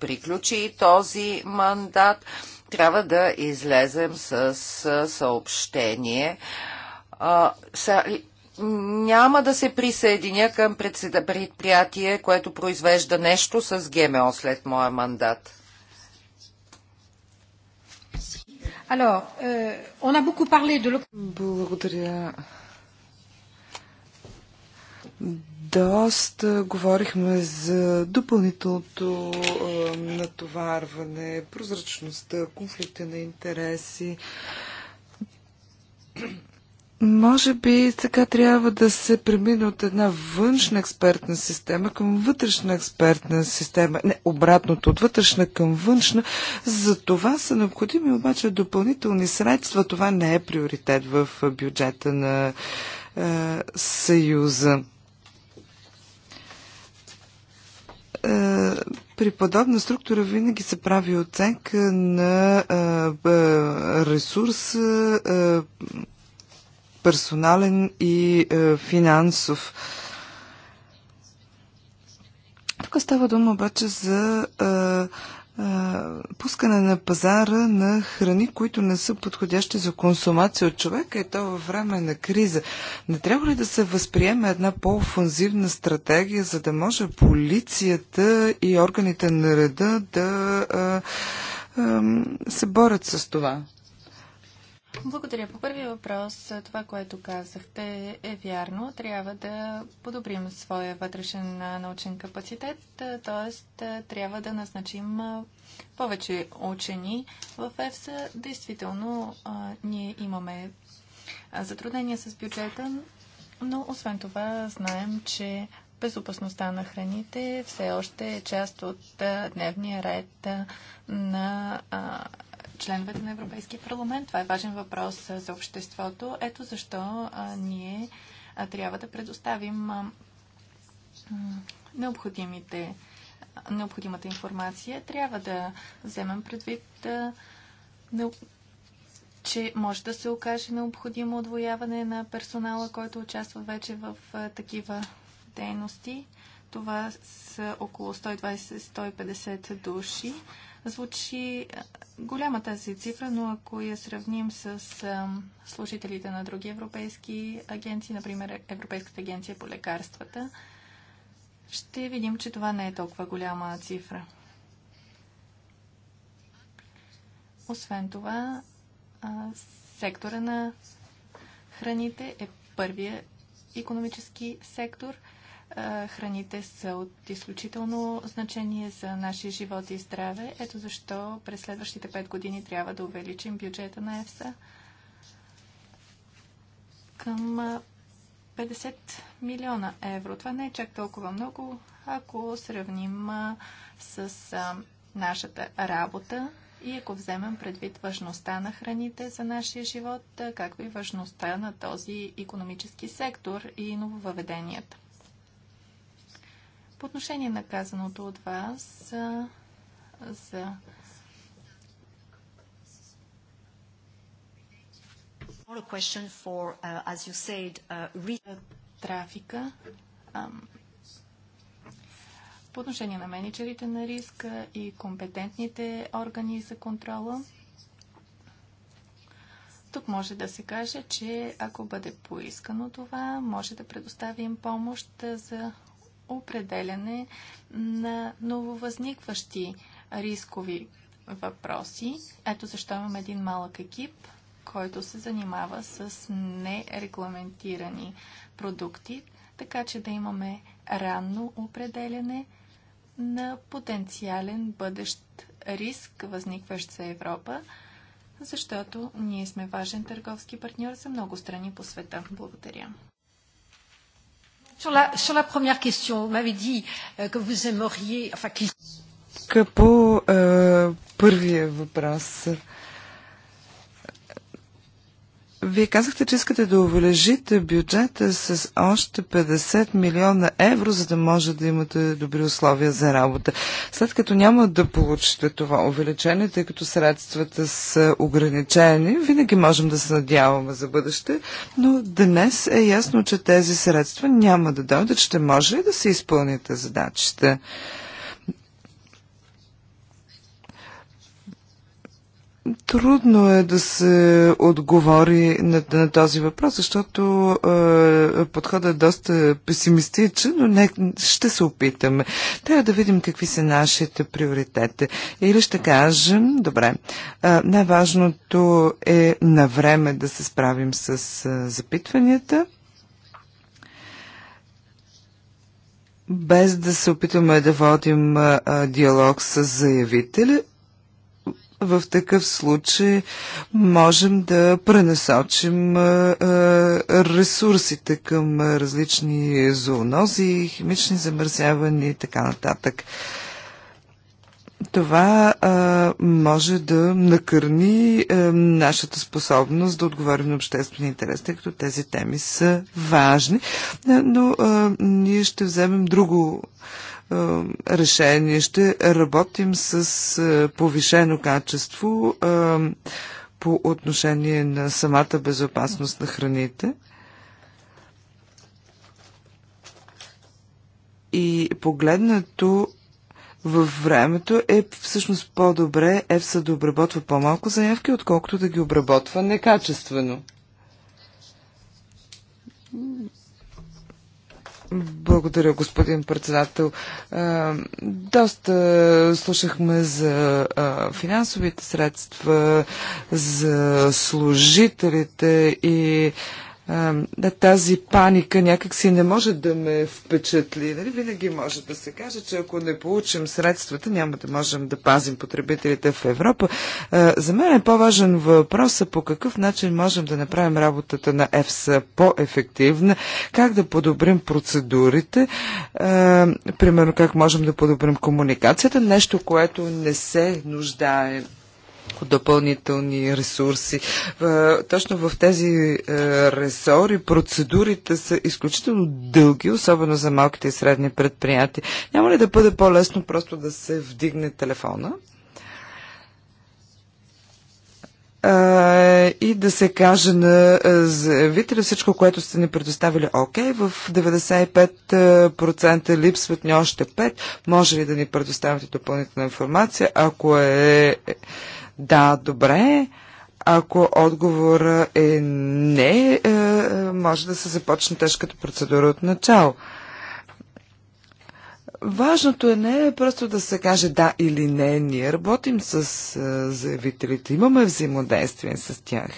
приключи този мандат, трябва да излезем с съобщение няма да се присъединя към предприятие, което произвежда нещо с ГМО след моя мандат.
Euh, Благодаря.
Доста говорихме за допълнителното е, натоварване, прозрачността, конфликта на интереси. Може би така трябва да се премине от една външна експертна система към вътрешна експертна система. Не, обратното, от вътрешна към външна. За това са необходими обаче допълнителни средства. Това не е приоритет в бюджета на е, Съюза. Е, при подобна структура винаги се прави оценка на ресурс, е, ресурса. Е, персонален и е, финансов. Тук става дума обаче за е, е, пускане на пазара на храни, които не са подходящи за консумация от човека и то във време на криза. Не трябва ли да се възприеме една по-офанзивна стратегия, за да може полицията и органите на реда да е, е се борят с това?
Благодаря. По първи въпрос, това, което казахте, е вярно. Трябва да подобрим своя вътрешен научен капацитет, т.е. трябва да назначим повече учени. В ЕФСА действително ние имаме затруднения с бюджета, но освен това знаем, че безопасността на храните все още е част от дневния ред на членовете на Европейския парламент. Това е важен въпрос за обществото. Ето защо а, ние а, трябва да предоставим а, необходимите, а, необходимата информация. Трябва да вземем предвид, а, не, че може да се окаже необходимо отвояване на персонала, който участва вече в а, такива дейности. Това са около 120-150 души. Звучи голяма тази цифра, но ако я сравним с служителите на други европейски агенции, например Европейската агенция по лекарствата, ще видим, че това не е толкова голяма цифра. Освен това, сектора на храните е първия економически сектор – храните са от изключително значение за нашия живот и здраве. Ето защо през следващите 5 години трябва да увеличим бюджета на ЕФСА към 50 милиона евро. Това не е чак толкова много, ако сравним с нашата работа и ако вземем предвид важността на храните за нашия живот, както и важността на този економически сектор и нововъведенията отношение на казаното от вас за, за For,
uh, said, uh... трафика.
По отношение на менеджерите на риска и компетентните органи за контрола, тук може да се каже, че ако бъде поискано това, може да предоставим помощ за определяне на нововъзникващи рискови въпроси. Ето защо имам един малък екип, който се занимава с нерегламентирани продукти, така че да имаме ранно определяне на потенциален бъдещ риск, възникващ за Европа, защото ние сме важен търговски партньор за много страни по света. Благодаря.
Sur la, sur la première question, vous m'avez dit euh, que vous aimeriez... Enfin, qu'il...
По е, първия въпрос, вие казахте, че искате да увележите бюджета с още 50 милиона евро, за да може да имате добри условия за работа. След като няма да получите това увеличение, тъй като средствата са ограничени, винаги можем да се надяваме за бъдеще, но днес е ясно, че тези средства няма да дойдат. Ще може ли да се изпълните задачите? Трудно е да се отговори на, на този въпрос, защото е, подходът е доста песимистичен, но не, ще се опитаме. Трябва да видим какви са нашите приоритети. Или ще кажем, добре, е, най-важното е на време да се справим с е, запитванията. без да се опитваме да водим а, е, диалог с заявителя в такъв случай можем да пренасочим ресурсите към различни зоонози, химични замърсявания и така нататък. Това а, може да накърни а, нашата способност да отговорим на обществения интерес, тъй като тези теми са важни. Но а, ние ще вземем друго е, решение. Ще работим с е, повишено качество е, по отношение на самата безопасност на храните. И погледнато във времето е всъщност по-добре ЕФСА да обработва по-малко заявки, отколкото да ги обработва некачествено. Благодаря, господин председател. Доста слушахме за финансовите средства, за служителите и да, тази паника някакси не може да ме впечатли. Нали? Винаги може да се каже, че ако не получим средствата, няма да можем да пазим потребителите в Европа. За мен е по-важен въпрос по какъв начин можем да направим работата на ЕФСА по-ефективна, как да подобрим процедурите, примерно как можем да подобрим комуникацията, нещо, което не се нуждае допълнителни ресурси. Е, точно в тези е, ресори процедурите са изключително дълги, особено за малките и средни предприятия. Няма ли да бъде по-лесно просто да се вдигне телефона? Е, и да се каже на заявителя всичко, което сте ни предоставили. Окей, в 95% липсват ни още 5. Може ли да ни предоставите допълнителна информация? Ако е да, добре. Ако отговора е не, е, е, може да се започне тежката процедура от начало. Важното е не просто да се каже да или не. Ние работим с е, заявителите, имаме взаимодействие с тях.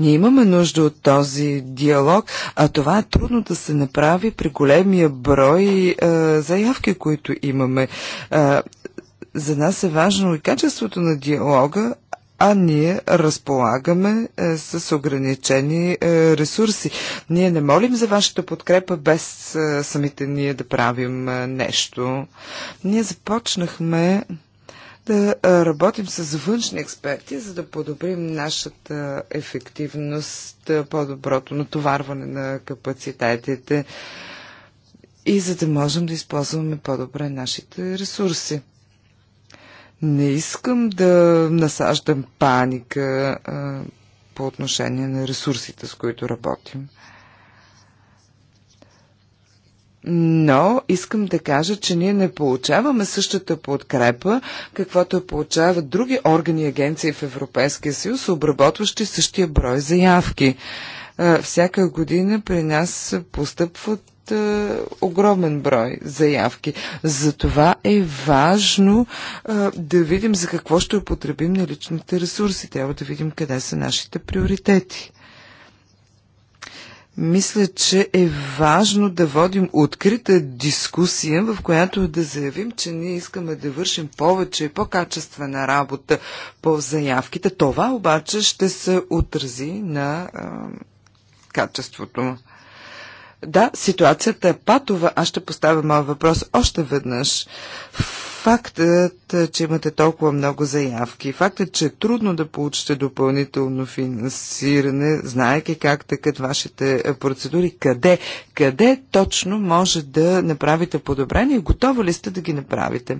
Ние имаме нужда от този диалог, а това е трудно да се направи при големия брой е, заявки, които имаме. Е, за нас е важно и качеството на диалога, а ние разполагаме е, с ограничени е, ресурси. Ние не молим за вашата подкрепа без е, самите ние да правим е, нещо. Ние започнахме да е, работим с външни експерти, за да подобрим нашата ефективност, е, по-доброто натоварване на капацитетите и за да можем да използваме по-добре нашите ресурси. Не искам да насаждам паника а, по отношение на ресурсите, с които работим. Но искам да кажа, че ние не получаваме същата подкрепа, каквото получават други органи и агенции в Европейския съюз, обработващи същия брой заявки. Всяка година при нас постъпват е, огромен брой заявки. Затова е важно е, да видим за какво ще употребим наличните ресурси. Трябва да видим къде са нашите приоритети. Мисля, че е важно да водим открита дискусия, в която да заявим, че ние искаме да вършим повече и по-качествена работа по заявките. Това обаче ще се отрази на а, качеството да, ситуацията е патова. Аз ще поставя моят въпрос още веднъж. Фактът, е, че имате толкова много заявки, фактът, че е трудно да получите допълнително финансиране, знаеки как тъкат вашите е, процедури, къде, къде точно може да направите подобрения и готова ли сте да ги направите?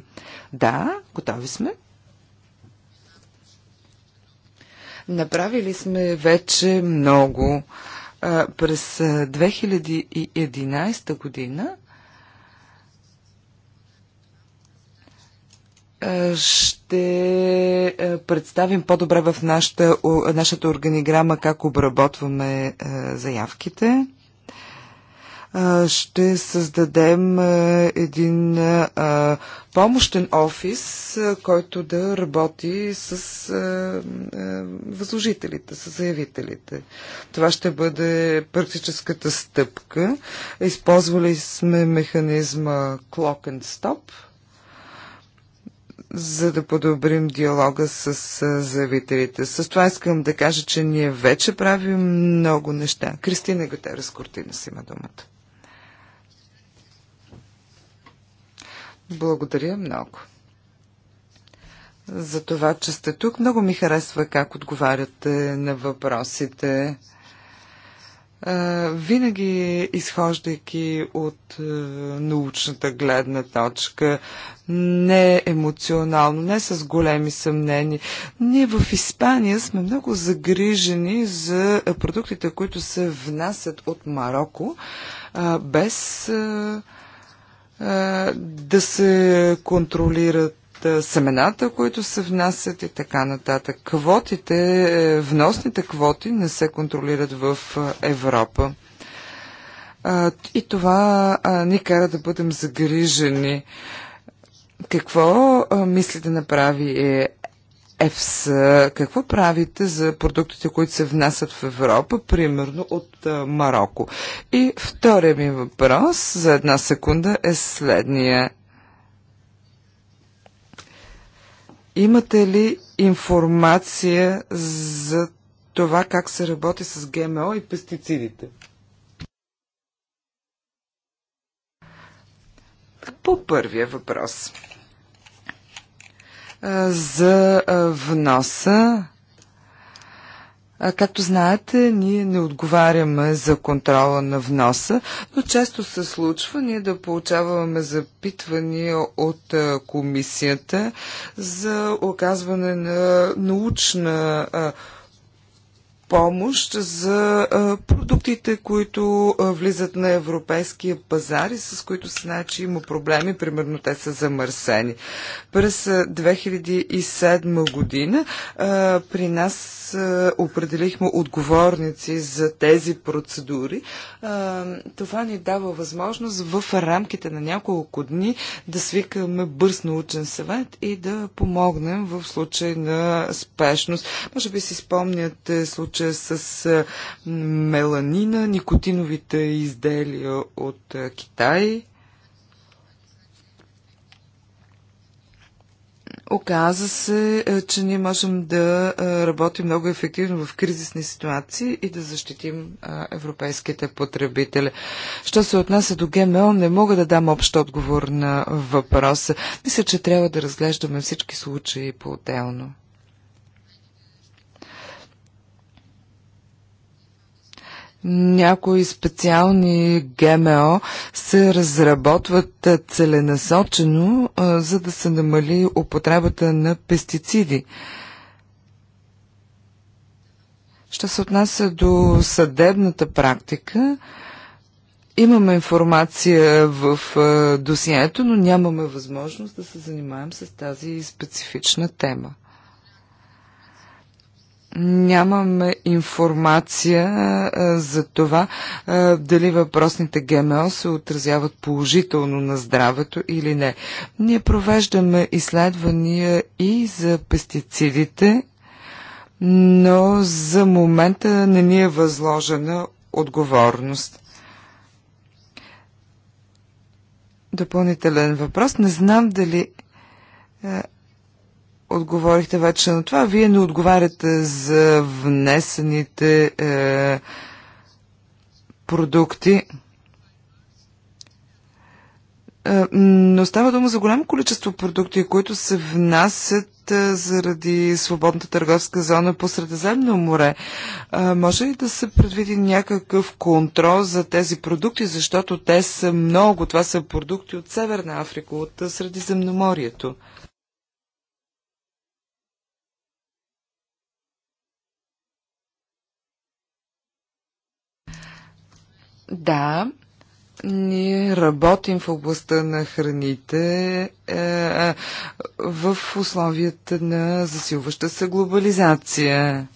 Да, готови сме. Направили сме вече много. През 2011 година ще представим по-добре в нашата, нашата органиграма как обработваме заявките ще създадем един помощен офис, който да работи с възложителите, с заявителите. Това ще бъде практическата стъпка. Използвали сме механизма Clock and Stop за да подобрим диалога с заявителите. С това искам да кажа, че ние вече правим много неща. Кристина с Кортина си има думата. Благодаря много. За това, че сте тук, много ми харесва как отговаряте на въпросите. Винаги изхождайки от научната гледна точка, не емоционално, не с големи съмнения. Ние в Испания сме много загрижени за продуктите, които се внасят от Марокко, без да се контролират семената, които се внасят и така нататък. Квотите, е, вносните квоти не се контролират в Европа. И това ни кара да бъдем загрижени. Какво мисли да направи ЕФС. Какво правите за продуктите, които се внасят в Европа, примерно от Марокко? И втория ми въпрос за една секунда е следния. Имате ли информация за това как се работи с ГМО и пестицидите? По първия въпрос – за вноса. Както знаете, ние не отговаряме за контрола на вноса, но често се случва ние да получаваме запитвания от комисията за оказване на научна помощ за продуктите, които влизат на европейския пазар и с които се знае, че има проблеми, примерно те са замърсени. През 2007 година при нас определихме отговорници за тези процедури. Това ни дава възможност в рамките на няколко дни да свикаме бърз научен съвет и да помогнем в случай на спешност. Може би си спомняте случай повече с меланина, никотиновите изделия от Китай. Оказа се, че ние можем да работим много ефективно в кризисни ситуации и да защитим европейските потребители. Що се отнася до ГМО, не мога да дам общ отговор на въпроса. Мисля, че трябва да разглеждаме всички случаи по-отделно. някои специални ГМО се разработват целенасочено, за да се намали употребата на пестициди. Що се отнася до съдебната практика, имаме информация в досието, но нямаме възможност да се занимаем с тази специфична тема. Нямаме информация а, за това а, дали въпросните ГМО се отразяват положително на здравето или не. Ние провеждаме изследвания и за пестицидите, но за момента не ни е възложена отговорност. Допълнителен въпрос. Не знам дали отговорихте вече на това. Вие не отговаряте за внесените е, продукти. Е, но става дума за голямо количество продукти, които се внасят е, заради свободната търговска зона по Средиземно море. Е, може ли да се предвиди някакъв контрол за тези продукти, защото те са много. Това са продукти от Северна Африка, от Средиземноморието. Да, ние работим в областта на храните е, е в условията на засилваща се глобализация.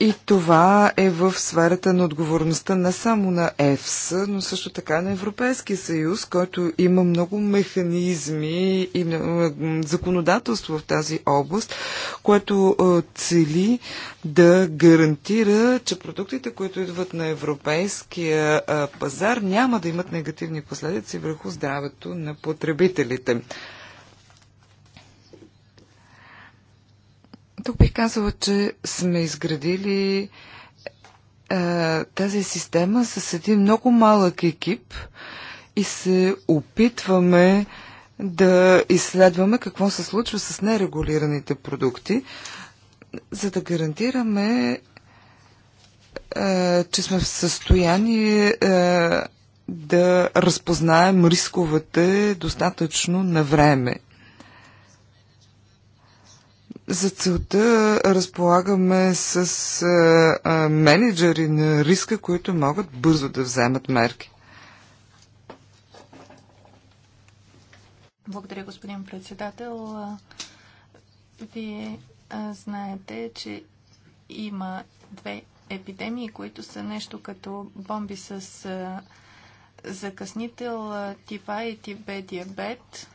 И това е в сферата на отговорността не само на ЕФС, но също така на Европейския съюз, който има много механизми и законодателство в тази област, което е, цели да гарантира, че продуктите, които идват на европейския е, пазар, няма да имат негативни последици върху здравето на потребителите. Тук бих казала, че сме изградили а, е, тази система с един много малък екип и се опитваме да изследваме какво се случва с нерегулираните продукти, за да гарантираме, а, е, че сме в състояние а, е, да разпознаем рисковете достатъчно на време. За целта разполагаме с а, а, менеджери на риска, които могат бързо да вземат мерки.
Благодаря, господин председател. Вие а, знаете, че има две епидемии, които са нещо като бомби с а, закъснител тип А и тип Б диабет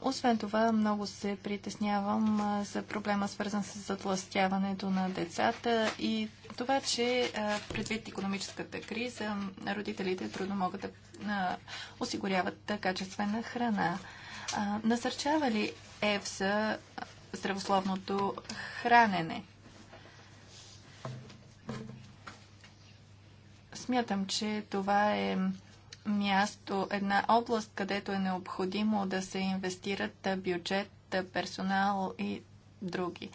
освен това, много се притеснявам за проблема, свързан с затластяването на децата и това, че предвид економическата криза, родителите трудно могат да осигуряват качествена храна. Насърчава ли ЕФСА здравословното хранене? Смятам, че това е място, една област, където е необходимо да се инвестират бюджет, персонал и други.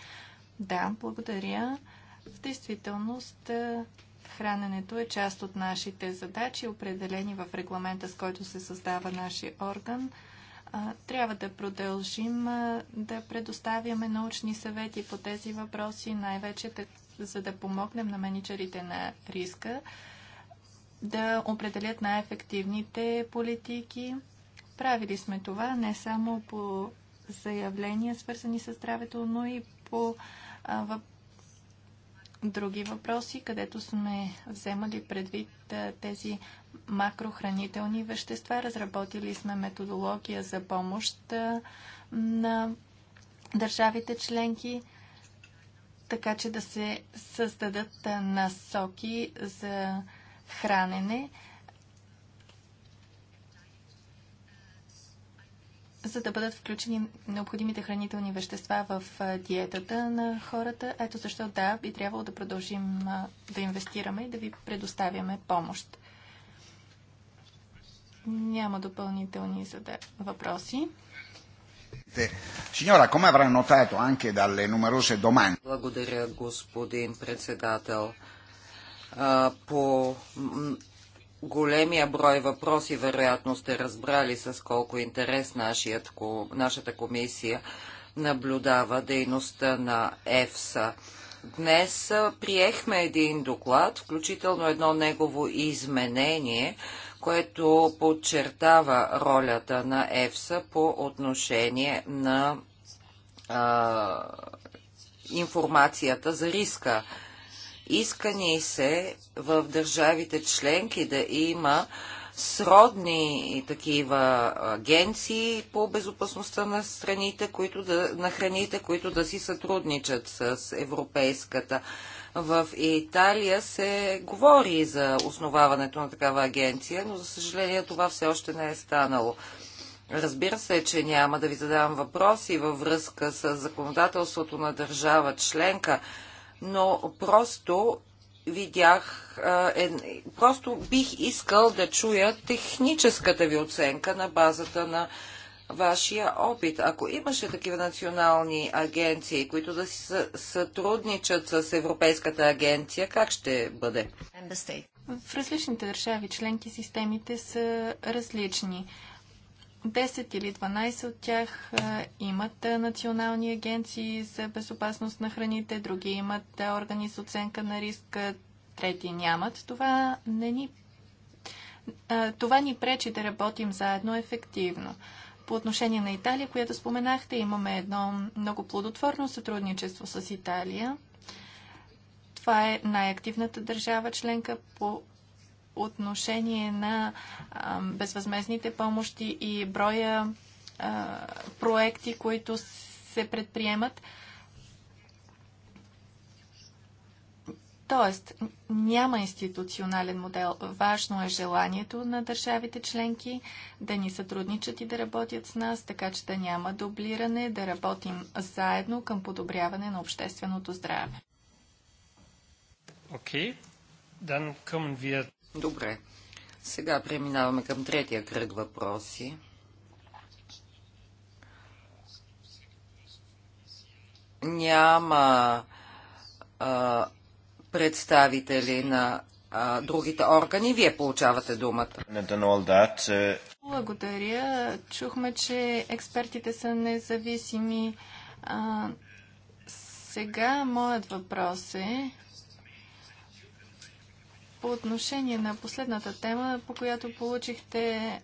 Да, благодаря. В действителност е, храненето е част от нашите задачи, определени в регламента, с който се създава нашия орган. Трябва да продължим е, да предоставяме научни съвети по тези въпроси, най-вече за да помогнем на менеджерите на риска да определят най-ефективните политики. Правили сме това не само по заявления, свързани с здравето, но и по а, въп... други въпроси, където сме вземали предвид а, тези макрохранителни вещества. Разработили сме методология за помощ а, на държавите членки, така че да се създадат насоки за хранене, за да бъдат включени необходимите хранителни вещества в диетата на хората. Ето защо да, би трябвало да продължим да инвестираме и да ви предоставяме помощ. Няма допълнителни въпроси.
Signora, come avrà notato anche dalle numerose domande.
Благодаря, господин председател а, по големия брой въпроси, вероятно сте разбрали с колко интерес нашият, нашата комисия наблюдава дейността на ЕФСА. Днес приехме един доклад, включително едно негово изменение, което подчертава ролята на ЕФСА по отношение на а, информацията за риска иска ни се в държавите членки да има сродни такива агенции по безопасността на, страните, които да, на храните, които да си сътрудничат с европейската. В Италия се говори за основаването на такава агенция, но за съжаление това все още не е станало. Разбира се, че няма да ви задавам въпроси във връзка с законодателството на държава членка, но просто видях, е, просто бих искал да чуя техническата ви оценка на базата на вашия опит. Ако имаше такива национални агенции, които да си сътрудничат с Европейската агенция, как ще бъде?
В различните държави членки системите са различни. 10 или 12 от тях имат национални агенции за безопасност на храните, други имат органи с оценка на риска, трети нямат. Това не ни това ни пречи да работим заедно ефективно. По отношение на Италия, която споменахте, имаме едно много плодотворно сътрудничество с Италия. Това е най-активната държава членка по отношение на безвъзмезните помощи и броя проекти, които се предприемат. Тоест, няма институционален модел. Важно е желанието на държавите членки да ни сътрудничат и да работят с нас, така че да няма дублиране, да работим заедно към подобряване на общественото здраве.
Окей, okay. dann kommen wir... Добре.
Сега преминаваме към третия кръг въпроси. Няма а, представители на а, другите органи. Вие получавате думата. Uh,
Благодаря. Чухме, че експертите са независими. А, сега моят въпрос е по отношение на последната тема, по която получихте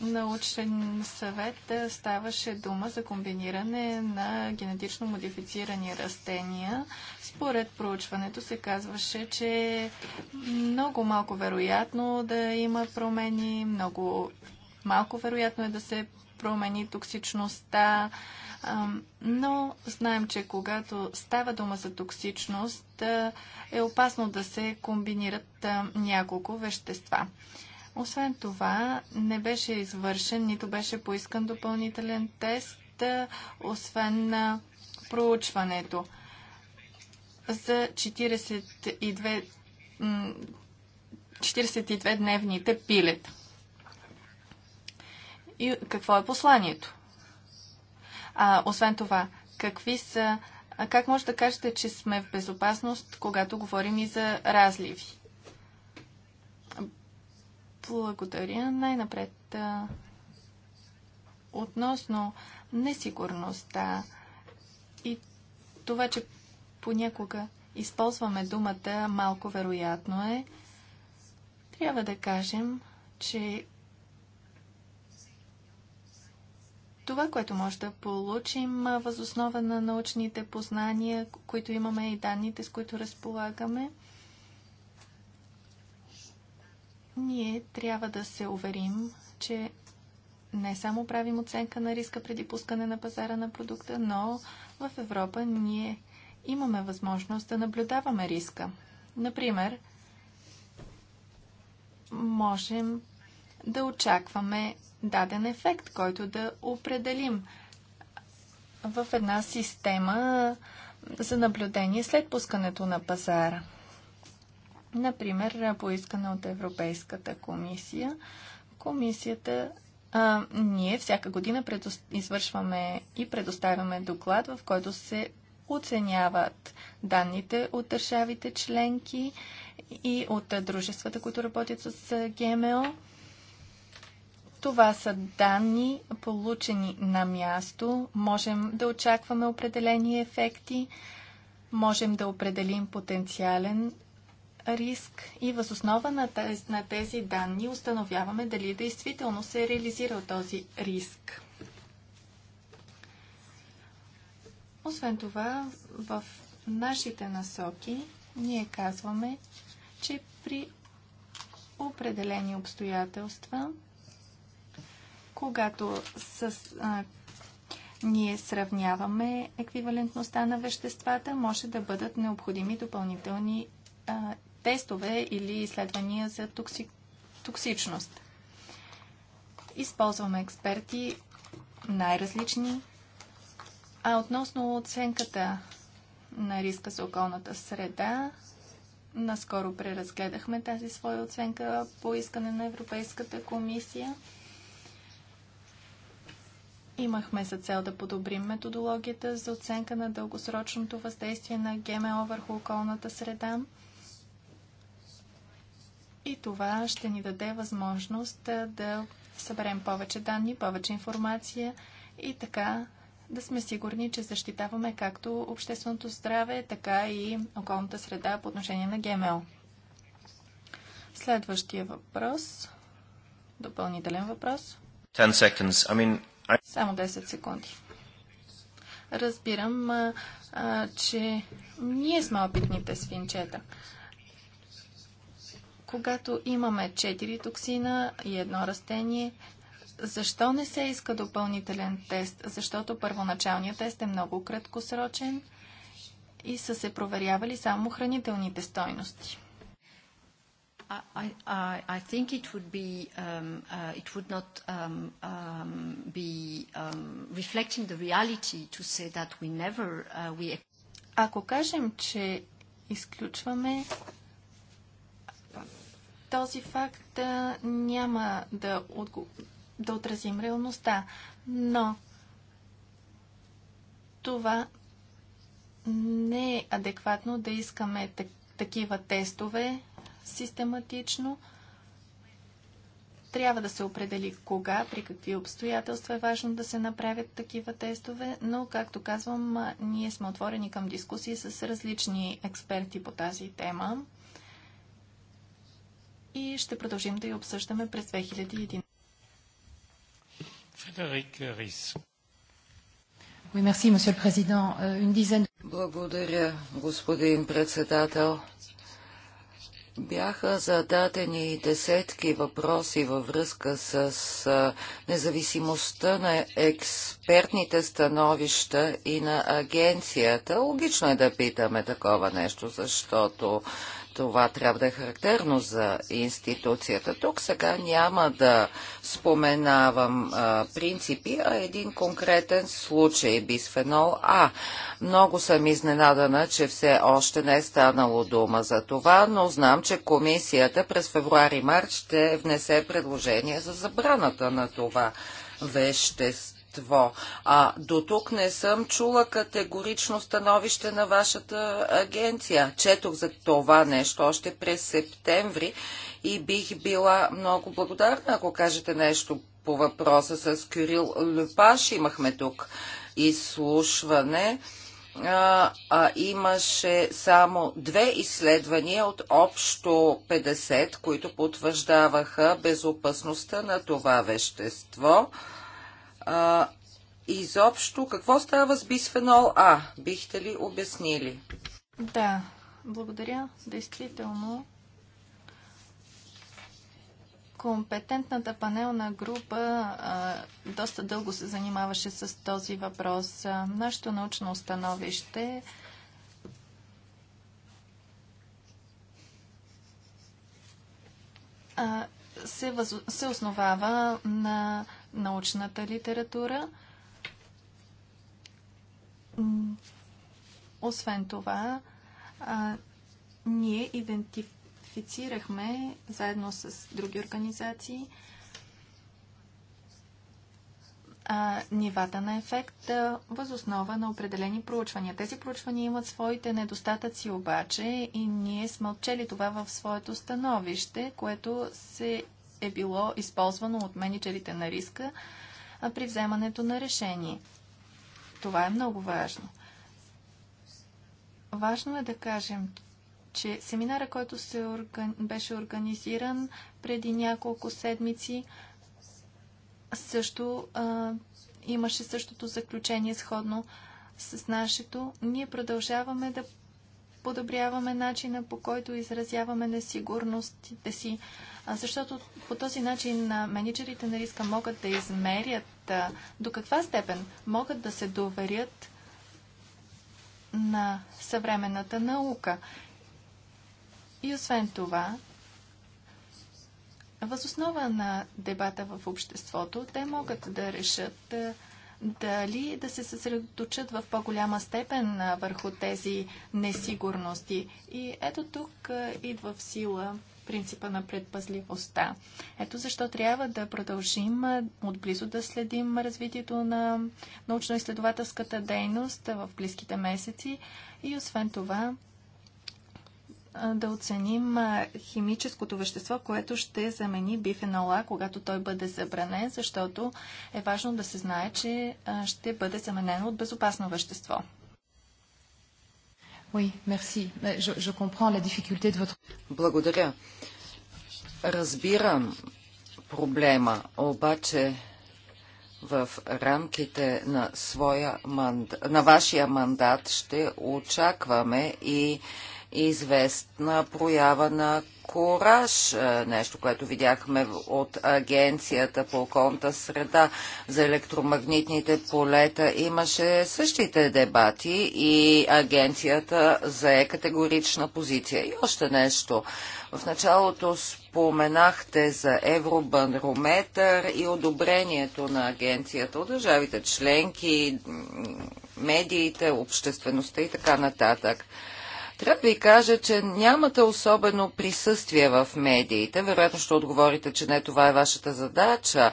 научен съвет, е, ставаше дума за комбиниране на генетично модифицирани растения. Според проучването се казваше, че е много малко вероятно да има промени, много малко вероятно е да се промени токсичността, но знаем, че когато става дума за токсичност, е опасно да се комбинират няколко вещества. Освен това, не беше извършен, нито беше поискан допълнителен тест, освен на проучването. За 42 42-дневните пилета и какво е посланието. А, освен това, какви са, как може да кажете, че сме в безопасност, когато говорим и за разливи? Благодаря. Най-напред относно несигурността и това, че понякога използваме думата малко вероятно е, трябва да кажем, че Това, което може да получим възоснова на научните познания, които имаме и данните, с които разполагаме, ние трябва да се уверим, че не само правим оценка на риска преди пускане на пазара на продукта, но в Европа ние имаме възможност да наблюдаваме риска. Например, можем да очакваме даден ефект, който да определим в една система за наблюдение след пускането на пазара. Например, поискане от Европейската комисия. Комисията а, ние всяка година извършваме и предоставяме доклад, в който се оценяват данните от държавите членки и от дружествата, които работят с ГМО това са данни, получени на място. Можем да очакваме определени ефекти, можем да определим потенциален риск и възоснова на тези, на тези данни установяваме дали действително се е реализирал този риск. Освен това, в нашите насоки ние казваме, че при определени обстоятелства когато с, а, ние сравняваме еквивалентността на веществата, може да бъдат необходими допълнителни а, тестове или изследвания за токси... токсичност. Използваме експерти най-различни. А относно оценката на риска за околната среда, наскоро преразгледахме тази своя оценка по искане на Европейската комисия. Имахме за цел да подобрим методологията за оценка на дългосрочното въздействие на ГМО върху околната среда. И това ще ни даде възможност да съберем повече данни, повече информация и така да сме сигурни, че защитаваме както общественото здраве, така и околната среда по отношение на ГМО. Следващия въпрос. Допълнителен въпрос. 10 seconds. I mean, само 10 секунди. Разбирам, а, а, че ние сме опитните свинчета. Когато имаме 4 токсина и едно растение, защо не се иска допълнителен тест? Защото първоначалният тест е много краткосрочен и са се проверявали само хранителните стойности. I,
think it would be um, uh, it would not um, um, be reflecting the reality to say that we never uh, we. Ако кажем, че
изключваме този факт няма да, да отразим реалността, но това не е адекватно да искаме такива тестове систематично. Трябва да се определи кога, при какви обстоятелства е важно да се направят такива тестове, но, както казвам, ние сме отворени към дискусии с различни експерти по тази тема и ще продължим да я обсъждаме през 2011.
Фредерик Рис.
Euh,
Благодаря, господин председател. Бяха зададени десетки въпроси във връзка с независимостта на експертните становища и на агенцията. Логично е да питаме такова нещо, защото това трябва да е характерно за институцията. Тук сега няма да споменавам а, принципи, а един конкретен случай бисфенол А. Много съм изненадана, че все още не е станало дума за това, но знам, че комисията през февруари-март ще внесе предложение за забраната на това вещество общество. А до тук не съм чула категорично становище на вашата агенция. Четох за това нещо още през септември и бих била много благодарна, ако кажете нещо по въпроса с Кирил Лепаш. Имахме тук изслушване а, а имаше само две изследвания от общо 50, които потвърждаваха безопасността на това вещество. А, изобщо, какво става с бисфенол А? Бихте ли обяснили?
Да, благодаря. Действително, компетентната панелна група а, доста дълго се занимаваше с този въпрос. нашето научно установище а, се, възо... се основава на научната литература. Освен това, а, ние идентифицирахме заедно с други организации а, нивата на ефект а, възоснова на определени проучвания. Тези проучвания имат своите недостатъци обаче и ние сме отчели това в своето становище, което се е било използвано от менеджерите на риска при вземането на решение. Това е много важно. Важно е да кажем, че семинара, който се орган... беше организиран преди няколко седмици, също а, имаше същото заключение, сходно с нашето. Ние продължаваме да подобряваме начина по който изразяваме несигурностите си, защото по този начин менеджерите на риска могат да измерят до каква степен могат да се доверят на съвременната наука. И освен това, възоснова на дебата в обществото, те могат да решат дали да се съсредоточат в по-голяма степен върху тези несигурности. И ето тук идва в сила принципа на предпазливостта. Ето защо трябва да продължим отблизо да следим развитието на научно-изследователската дейност в близките месеци и освен това да оценим химическото вещество, което ще замени бифенола, когато той бъде забранен, защото е важно да се знае, че ще бъде заменено от безопасно вещество. Oui, merci. Je, je comprends la difficulté de votre...
Благодаря. Разбирам проблема, обаче в рамките на, своя манд... на вашия мандат ще очакваме и известна проява на кораж, е, нещо, което видяхме от Агенцията по околната среда за електромагнитните полета. Имаше същите дебати и Агенцията зае категорична позиция. И още нещо. В началото споменахте за Евробанрометър и одобрението на Агенцията от държавите членки, медиите, обществеността и така нататък. Трябва да ви кажа, че нямате особено присъствие в медиите. Вероятно ще отговорите, че не това е вашата задача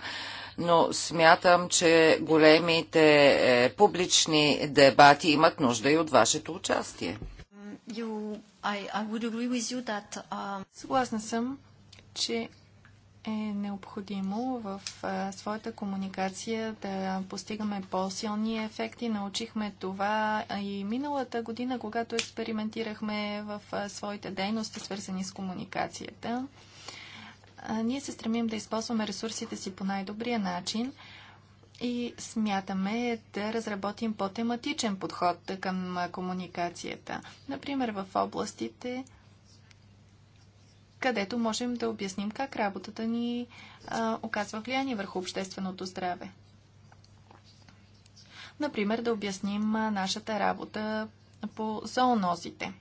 но смятам, че големите е, публични дебати имат нужда и от вашето участие.
Uh, Съгласна съм, че е необходимо в а, своята комуникация да постигаме по-силни ефекти. Научихме това и миналата година, когато експериментирахме в а, своите дейности, свързани с комуникацията. А, ние се стремим да използваме ресурсите си по най-добрия начин и смятаме да разработим по-тематичен подход към комуникацията. Например, в областите, където можем да обясним как работата ни а, оказва влияние върху общественото здраве. Например, да обясним нашата работа по зоонозите.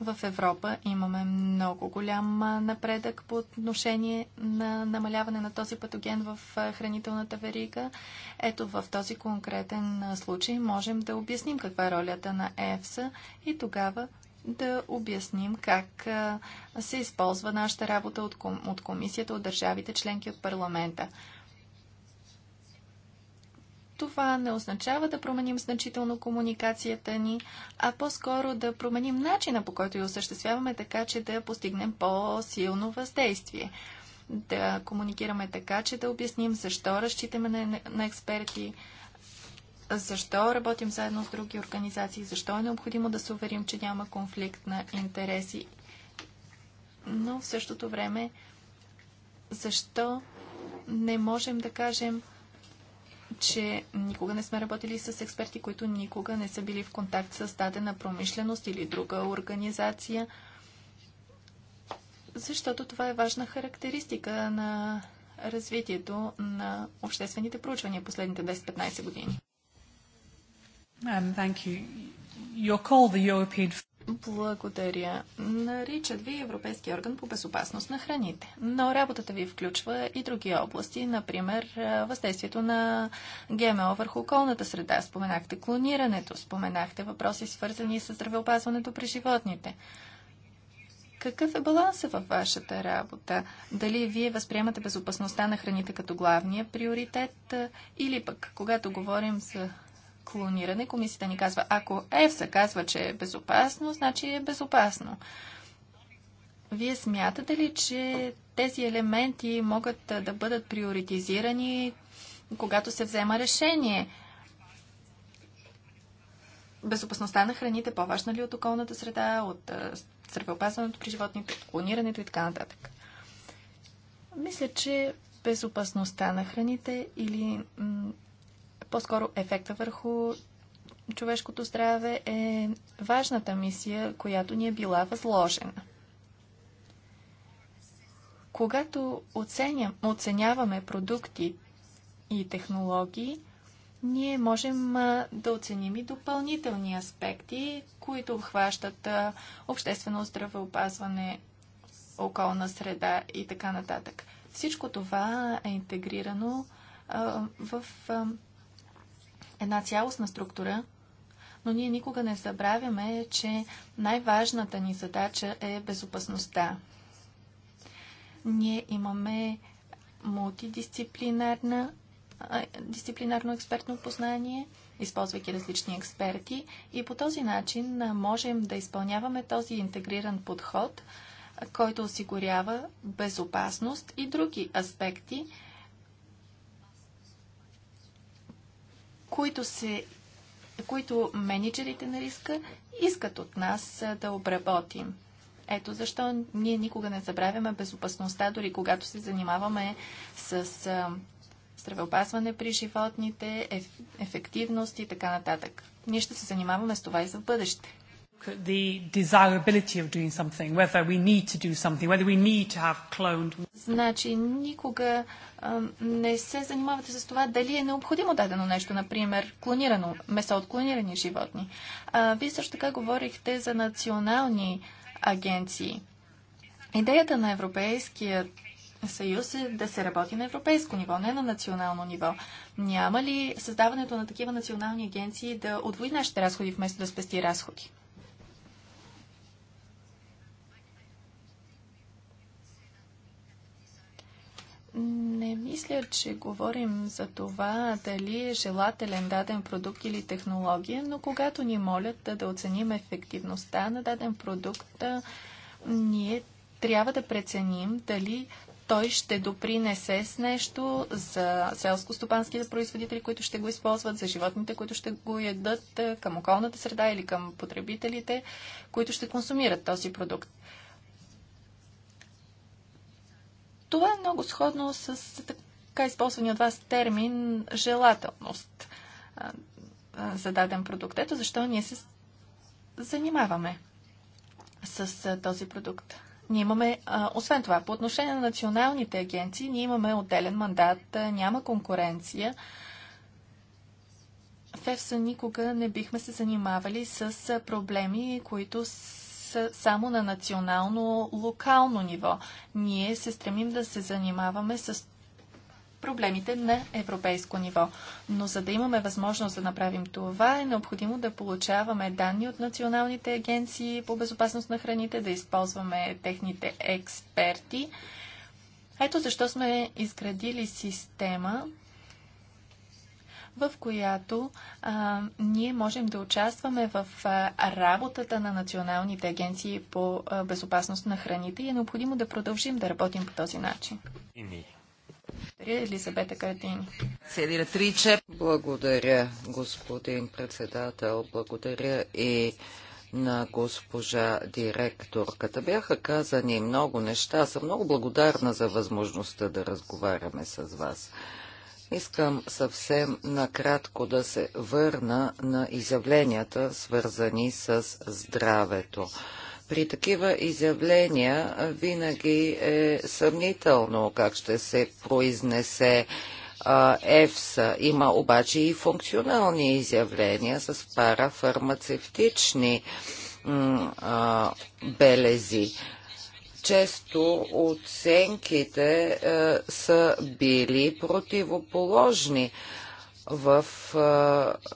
В Европа имаме много голям напредък по отношение на намаляване на този патоген в хранителната верига. Ето в този конкретен случай можем да обясним каква е ролята на ЕФСА и тогава да обясним как се използва нашата работа от, комисията, от държавите, членки от парламента. Това не означава да променим значително комуникацията ни, а по-скоро да променим начина по който я осъществяваме, така че да постигнем по-силно въздействие. Да комуникираме така, че да обясним защо разчитаме на, на експерти, защо работим заедно с други организации, защо е необходимо да се уверим, че няма конфликт на интереси, но в същото време защо не можем да кажем, че никога не сме работили с експерти, които никога не са били в контакт с дадена промишленост или друга организация, защото това е важна характеристика на развитието на обществените проучвания последните 10-15 години. Um, Благодаря. Наричат ви Европейски орган по безопасност на храните, но работата ви включва и други области, например е, въздействието на ГМО върху околната среда. Споменахте клонирането, споменахте въпроси свързани с здравеопазването при животните. Какъв е балансът във вашата работа? Дали вие възприемате безопасността на храните като главния приоритет е, или пък, когато говорим за клониране, комисията ни казва, ако ЕФСА казва, че е безопасно, значи е безопасно. Вие смятате ли, че тези елементи могат да бъдат приоритизирани, когато се взема решение? Безопасността на храните по-важна ли от околната среда, от здравеопазването при животните, от клонирането и така нататък? Мисля, че безопасността на храните или по-скоро ефекта върху човешкото здраве е важната мисия, която ни е била възложена. Когато оценяваме продукти и технологии, ние можем да оценим и допълнителни аспекти, които обхващат обществено здравеопазване, околна среда и така нататък. Всичко това е интегрирано а, в а, една цялостна структура, но ние никога не забравяме, че най-важната ни задача е безопасността. Ние имаме мултидисциплинарна дисциплинарно експертно познание, използвайки различни експерти и по този начин можем да изпълняваме този интегриран подход, който осигурява безопасност и други аспекти, които, се, които менеджерите на риска искат от нас да обработим. Ето защо ние никога не забравяме безопасността, дори когато се занимаваме с здравеопазване при животните, еф, ефективност и така нататък. Ние ще се занимаваме с това и за бъдеще
the desirability of doing something, whether we need to do something, whether we need to have cloned.
Значи никога не се занимавате с това дали е необходимо дадено нещо, например клонирано месо от клонирани животни. А, вие също така говорихте за национални агенции. Идеята на Европейския съюз е да се работи на европейско ниво, не на национално ниво. Няма ли създаването на такива национални агенции да отвои нашите разходи вместо да спести разходи? Не мисля, че говорим за това дали е желателен даден продукт или технология, но когато ни молят да, да оценим ефективността на даден продукт, ние трябва да преценим дали той ще допринесе с нещо за селско-стопанските производители, които ще го използват, за животните, които ще го ядат, към околната среда или към потребителите, които ще консумират този продукт. Това е много сходно с така използвания от вас термин желателност за даден продукт. Ето защо ние се занимаваме с този продукт. Ние имаме, освен това, по отношение на националните агенции, ние имаме отделен мандат, няма конкуренция. В ЕФСА никога не бихме се занимавали с проблеми, които са само на национално-локално ниво. Ние се стремим да се занимаваме с проблемите на европейско ниво. Но за да имаме възможност да направим това, е необходимо да получаваме данни от националните агенции по безопасност на храните, да използваме техните експерти. Ето защо сме изградили система, в която а, ние можем да участваме в а, работата на националните агенции по а, безопасност на храните и е необходимо да продължим да работим по този начин. Благодаря, Елизабета
триче, Благодаря, господин председател. Благодаря и на госпожа директорката. Бяха казани много неща. Съм много благодарна за възможността да разговаряме с вас. Искам съвсем накратко да се върна на изявленията, свързани с здравето. При такива изявления винаги е съмнително как ще се произнесе ЕФСА. Има обаче и функционални изявления с парафармацевтични белези често оценките е, са били противоположни в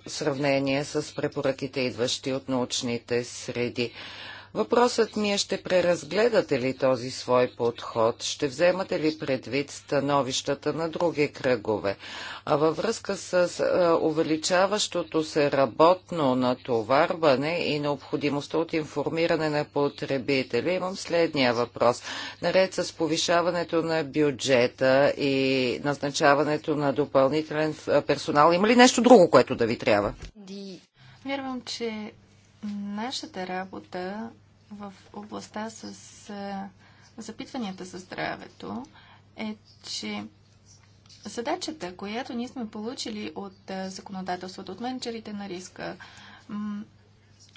е, сравнение с препоръките, идващи от научните среди. Въпросът ми е, ще преразгледате ли този свой подход? Ще вземате ли предвид становищата на други кръгове? А във връзка с увеличаващото се работно натоварване и необходимостта от информиране на потребители, имам следния въпрос. Наред с повишаването на бюджета и назначаването на допълнителен персонал, има ли нещо друго, което да ви
трябва? Вярвам, че нашата работа в областта с запитванията за здравето е, че задачата, която ние сме получили от законодателството, от менеджерите на риска,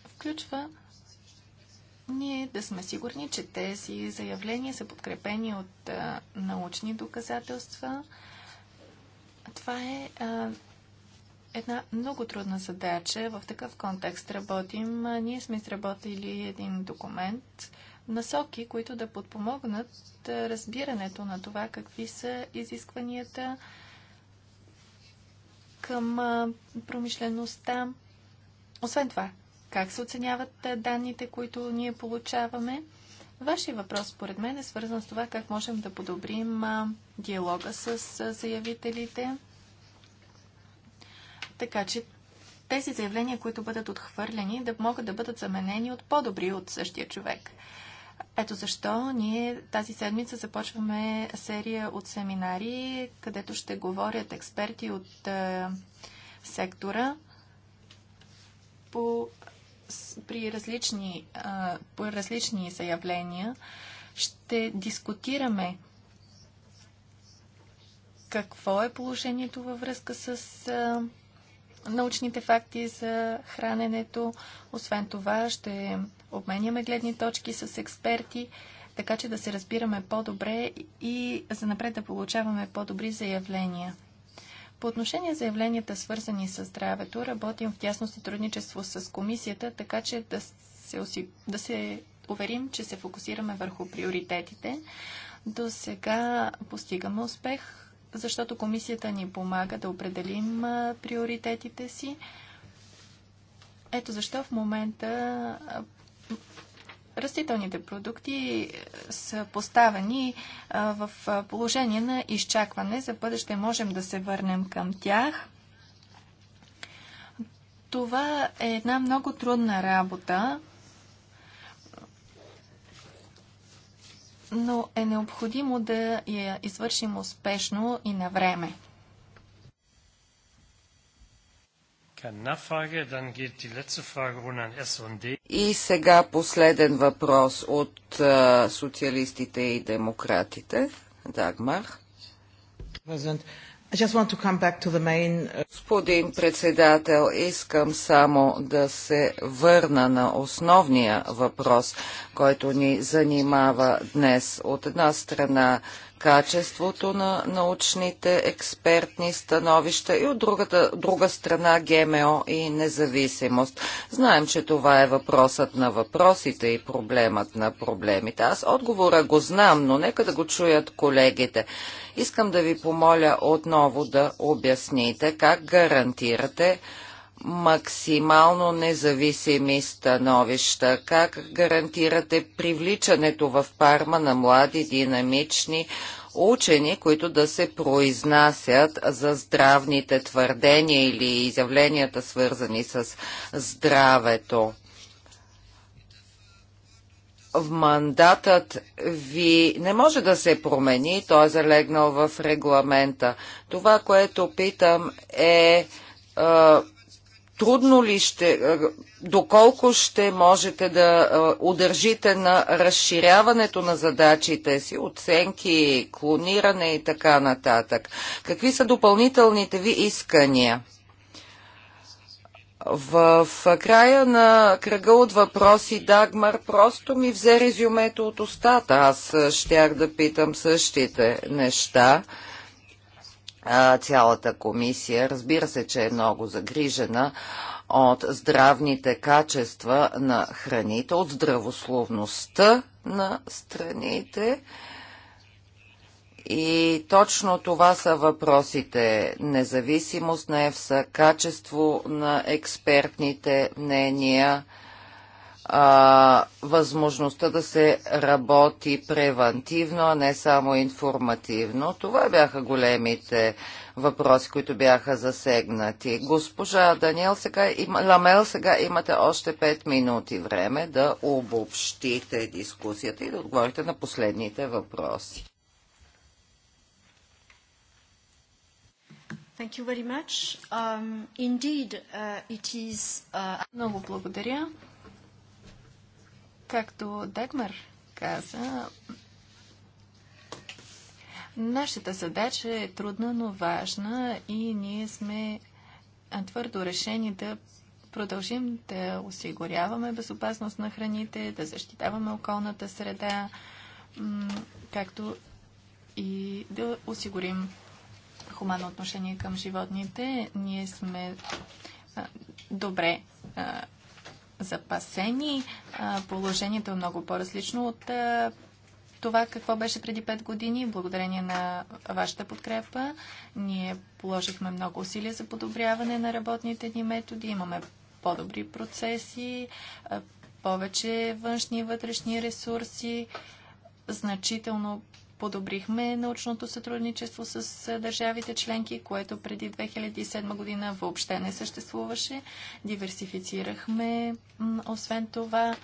включва ние да сме сигурни, че тези заявления са подкрепени от научни доказателства. Това е една много трудна задача. В такъв контекст работим. Ние сме изработили един документ, насоки, които да подпомогнат разбирането на това какви са изискванията към промишлеността. Освен това, как се оценяват данните, които ние получаваме? Вашия въпрос, според мен, е свързан с това как можем да подобрим диалога с заявителите така че тези заявления, които бъдат отхвърлени, да могат да бъдат заменени от по-добри от същия човек. Ето защо ние тази седмица започваме серия от семинари, където ще говорят експерти от е, сектора по, при различни, е, по различни заявления. Ще дискутираме какво е положението във връзка с е, научните факти за храненето. Освен това, ще обменяме гледни точки с експерти, така че да се разбираме по-добре и за напред да получаваме по-добри заявления. По отношение на заявленията, свързани с здравето, работим в тясно сътрудничество с комисията, така че да се, да се уверим, че се фокусираме върху приоритетите. До сега постигаме успех защото комисията ни помага да определим приоритетите си. Ето защо в момента растителните продукти са поставени в положение на изчакване. За бъдеще можем да се върнем към тях. Това е една много трудна работа. но е необходимо да я извършим успешно и на време.
И
сега последен въпрос от социалистите и демократите. Дагмар. Президент. Uh, Господин председател, искам само да се върна на основния въпрос, който ни занимава днес. От една страна качеството на научните експертни становища и от другата, друга страна ГМО и независимост. Знаем, че това е въпросът на въпросите и проблемът на проблемите. Аз отговора го знам, но нека да го чуят колегите. Искам да ви помоля отново да обясните как гарантирате максимално независими становища? Как гарантирате привличането в Парма на млади, динамични учени, които да се произнасят за здравните твърдения или изявленията, свързани с здравето? мандатът ви не може да се промени, той е залегнал в регламента. Това, което питам е, е трудно ли ще, доколко ще можете да удържите на разширяването на задачите си, оценки, клониране и така нататък? Какви са допълнителните ви искания? В края на кръга от въпроси Дагмар просто ми взе резюмето от устата. Аз щях да питам същите неща цялата комисия. Разбира се, че е много загрижена от здравните качества на храните, от здравословността на страните. И точно това са въпросите. Независимост на ЕФСА, качество на експертните мнения – а, възможността да се работи превантивно, а не само информативно. Това бяха големите въпроси, които бяха засегнати. Госпожа Даниел, сега има, Ламел, сега имате още 5 минути време да обобщите дискусията и да отговорите на последните въпроси.
Thank you very much. Um, indeed,
uh, it is, uh... Много благодаря. Както Дагмар каза, нашата задача е трудна, но важна и ние сме твърдо решени да продължим да осигуряваме безопасност на храните, да защитаваме околната среда, както и да осигурим хуманно отношение към животните. Ние сме добре запасени. Положението е много по-различно от това какво беше преди 5 години. Благодарение на вашата подкрепа ние положихме много усилия за подобряване на работните ни методи. Имаме по-добри процеси, повече външни и вътрешни ресурси, значително подобрихме научното сътрудничество с е, държавите членки, което преди 2007 година въобще не съществуваше. Диверсифицирахме, освен това,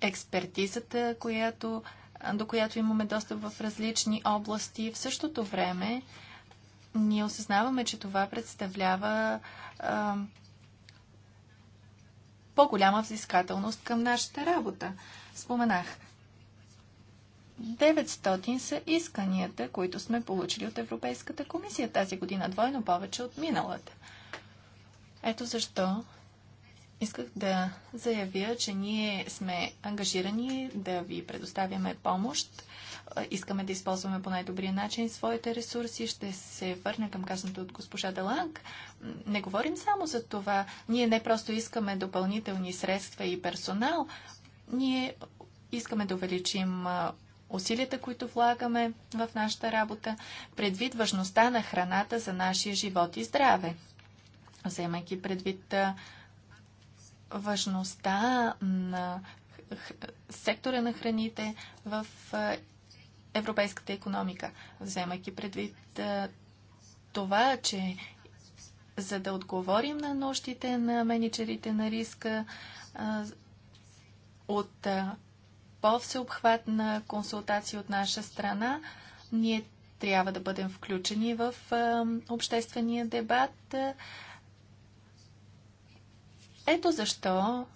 експертизата, която, до която имаме достъп в различни области. В същото време ние осъзнаваме, че това представлява а, по-голяма взискателност към нашата работа. Споменах 900 са исканията, които сме получили от Европейската комисия тази година, двойно повече от миналата. Ето защо исках да заявя, че ние сме ангажирани да ви предоставяме помощ. Искаме да използваме по най-добрия начин своите ресурси. Ще се върна към казаното от госпожа Деланг. Не говорим само за това. Ние не просто искаме допълнителни средства и персонал. Ние искаме да увеличим усилията, които влагаме в нашата работа, предвид важността на храната за нашия живот и здраве. Вземайки предвид важността на сектора на храните в европейската економика, вземайки предвид това, че за да отговорим на нощите на менеджерите на риска от по-всеобхватна консултация от наша страна. Ние трябва да бъдем включени в обществения дебат. Ето защо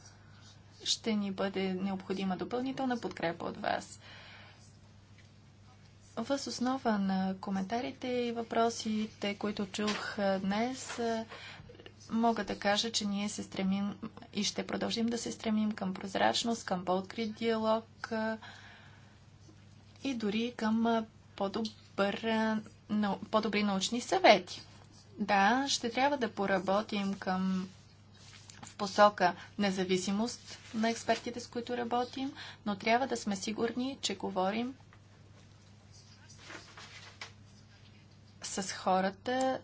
ще ни бъде необходима допълнителна подкрепа от вас. Въз основа на коментарите и въпросите, които чух днес, мога да кажа, че ние се стремим и ще продължим да се стремим към прозрачност, към по-открит диалог и дори към по-добър, по-добри научни съвети. Да, ще трябва да поработим към в посока независимост на експертите, с които работим, но трябва да сме сигурни, че говорим с хората,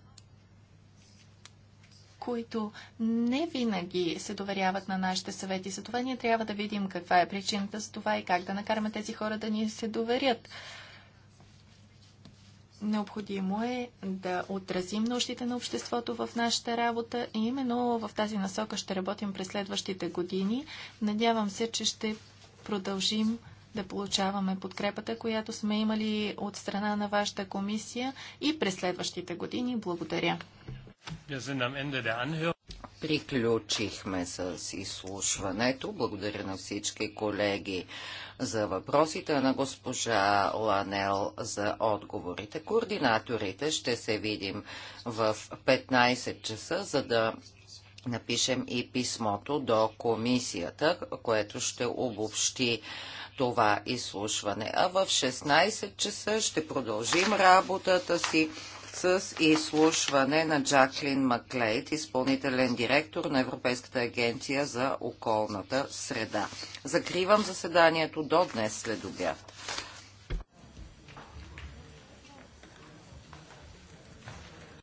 които не винаги се доверяват на нашите съвети. За това ние трябва да видим каква е причината за това и как да накараме тези хора да ни се доверят. Необходимо е да отразим нуждите на обществото в нашата работа и именно в тази насока ще работим през следващите години. Надявам се, че ще продължим да получаваме подкрепата, която сме имали от страна на вашата комисия и през следващите години. Благодаря.
Приключихме с изслушването. Благодаря на всички колеги за въпросите, на госпожа Ланел за отговорите. Координаторите ще се видим в 15 часа, за да напишем и писмото до комисията, което ще обобщи това изслушване. А в 16 часа ще продължим работата си с изслушване на Джаклин Маклейт, изпълнителен директор на Европейската агенция за околната среда. Закривам заседанието до днес след обяд.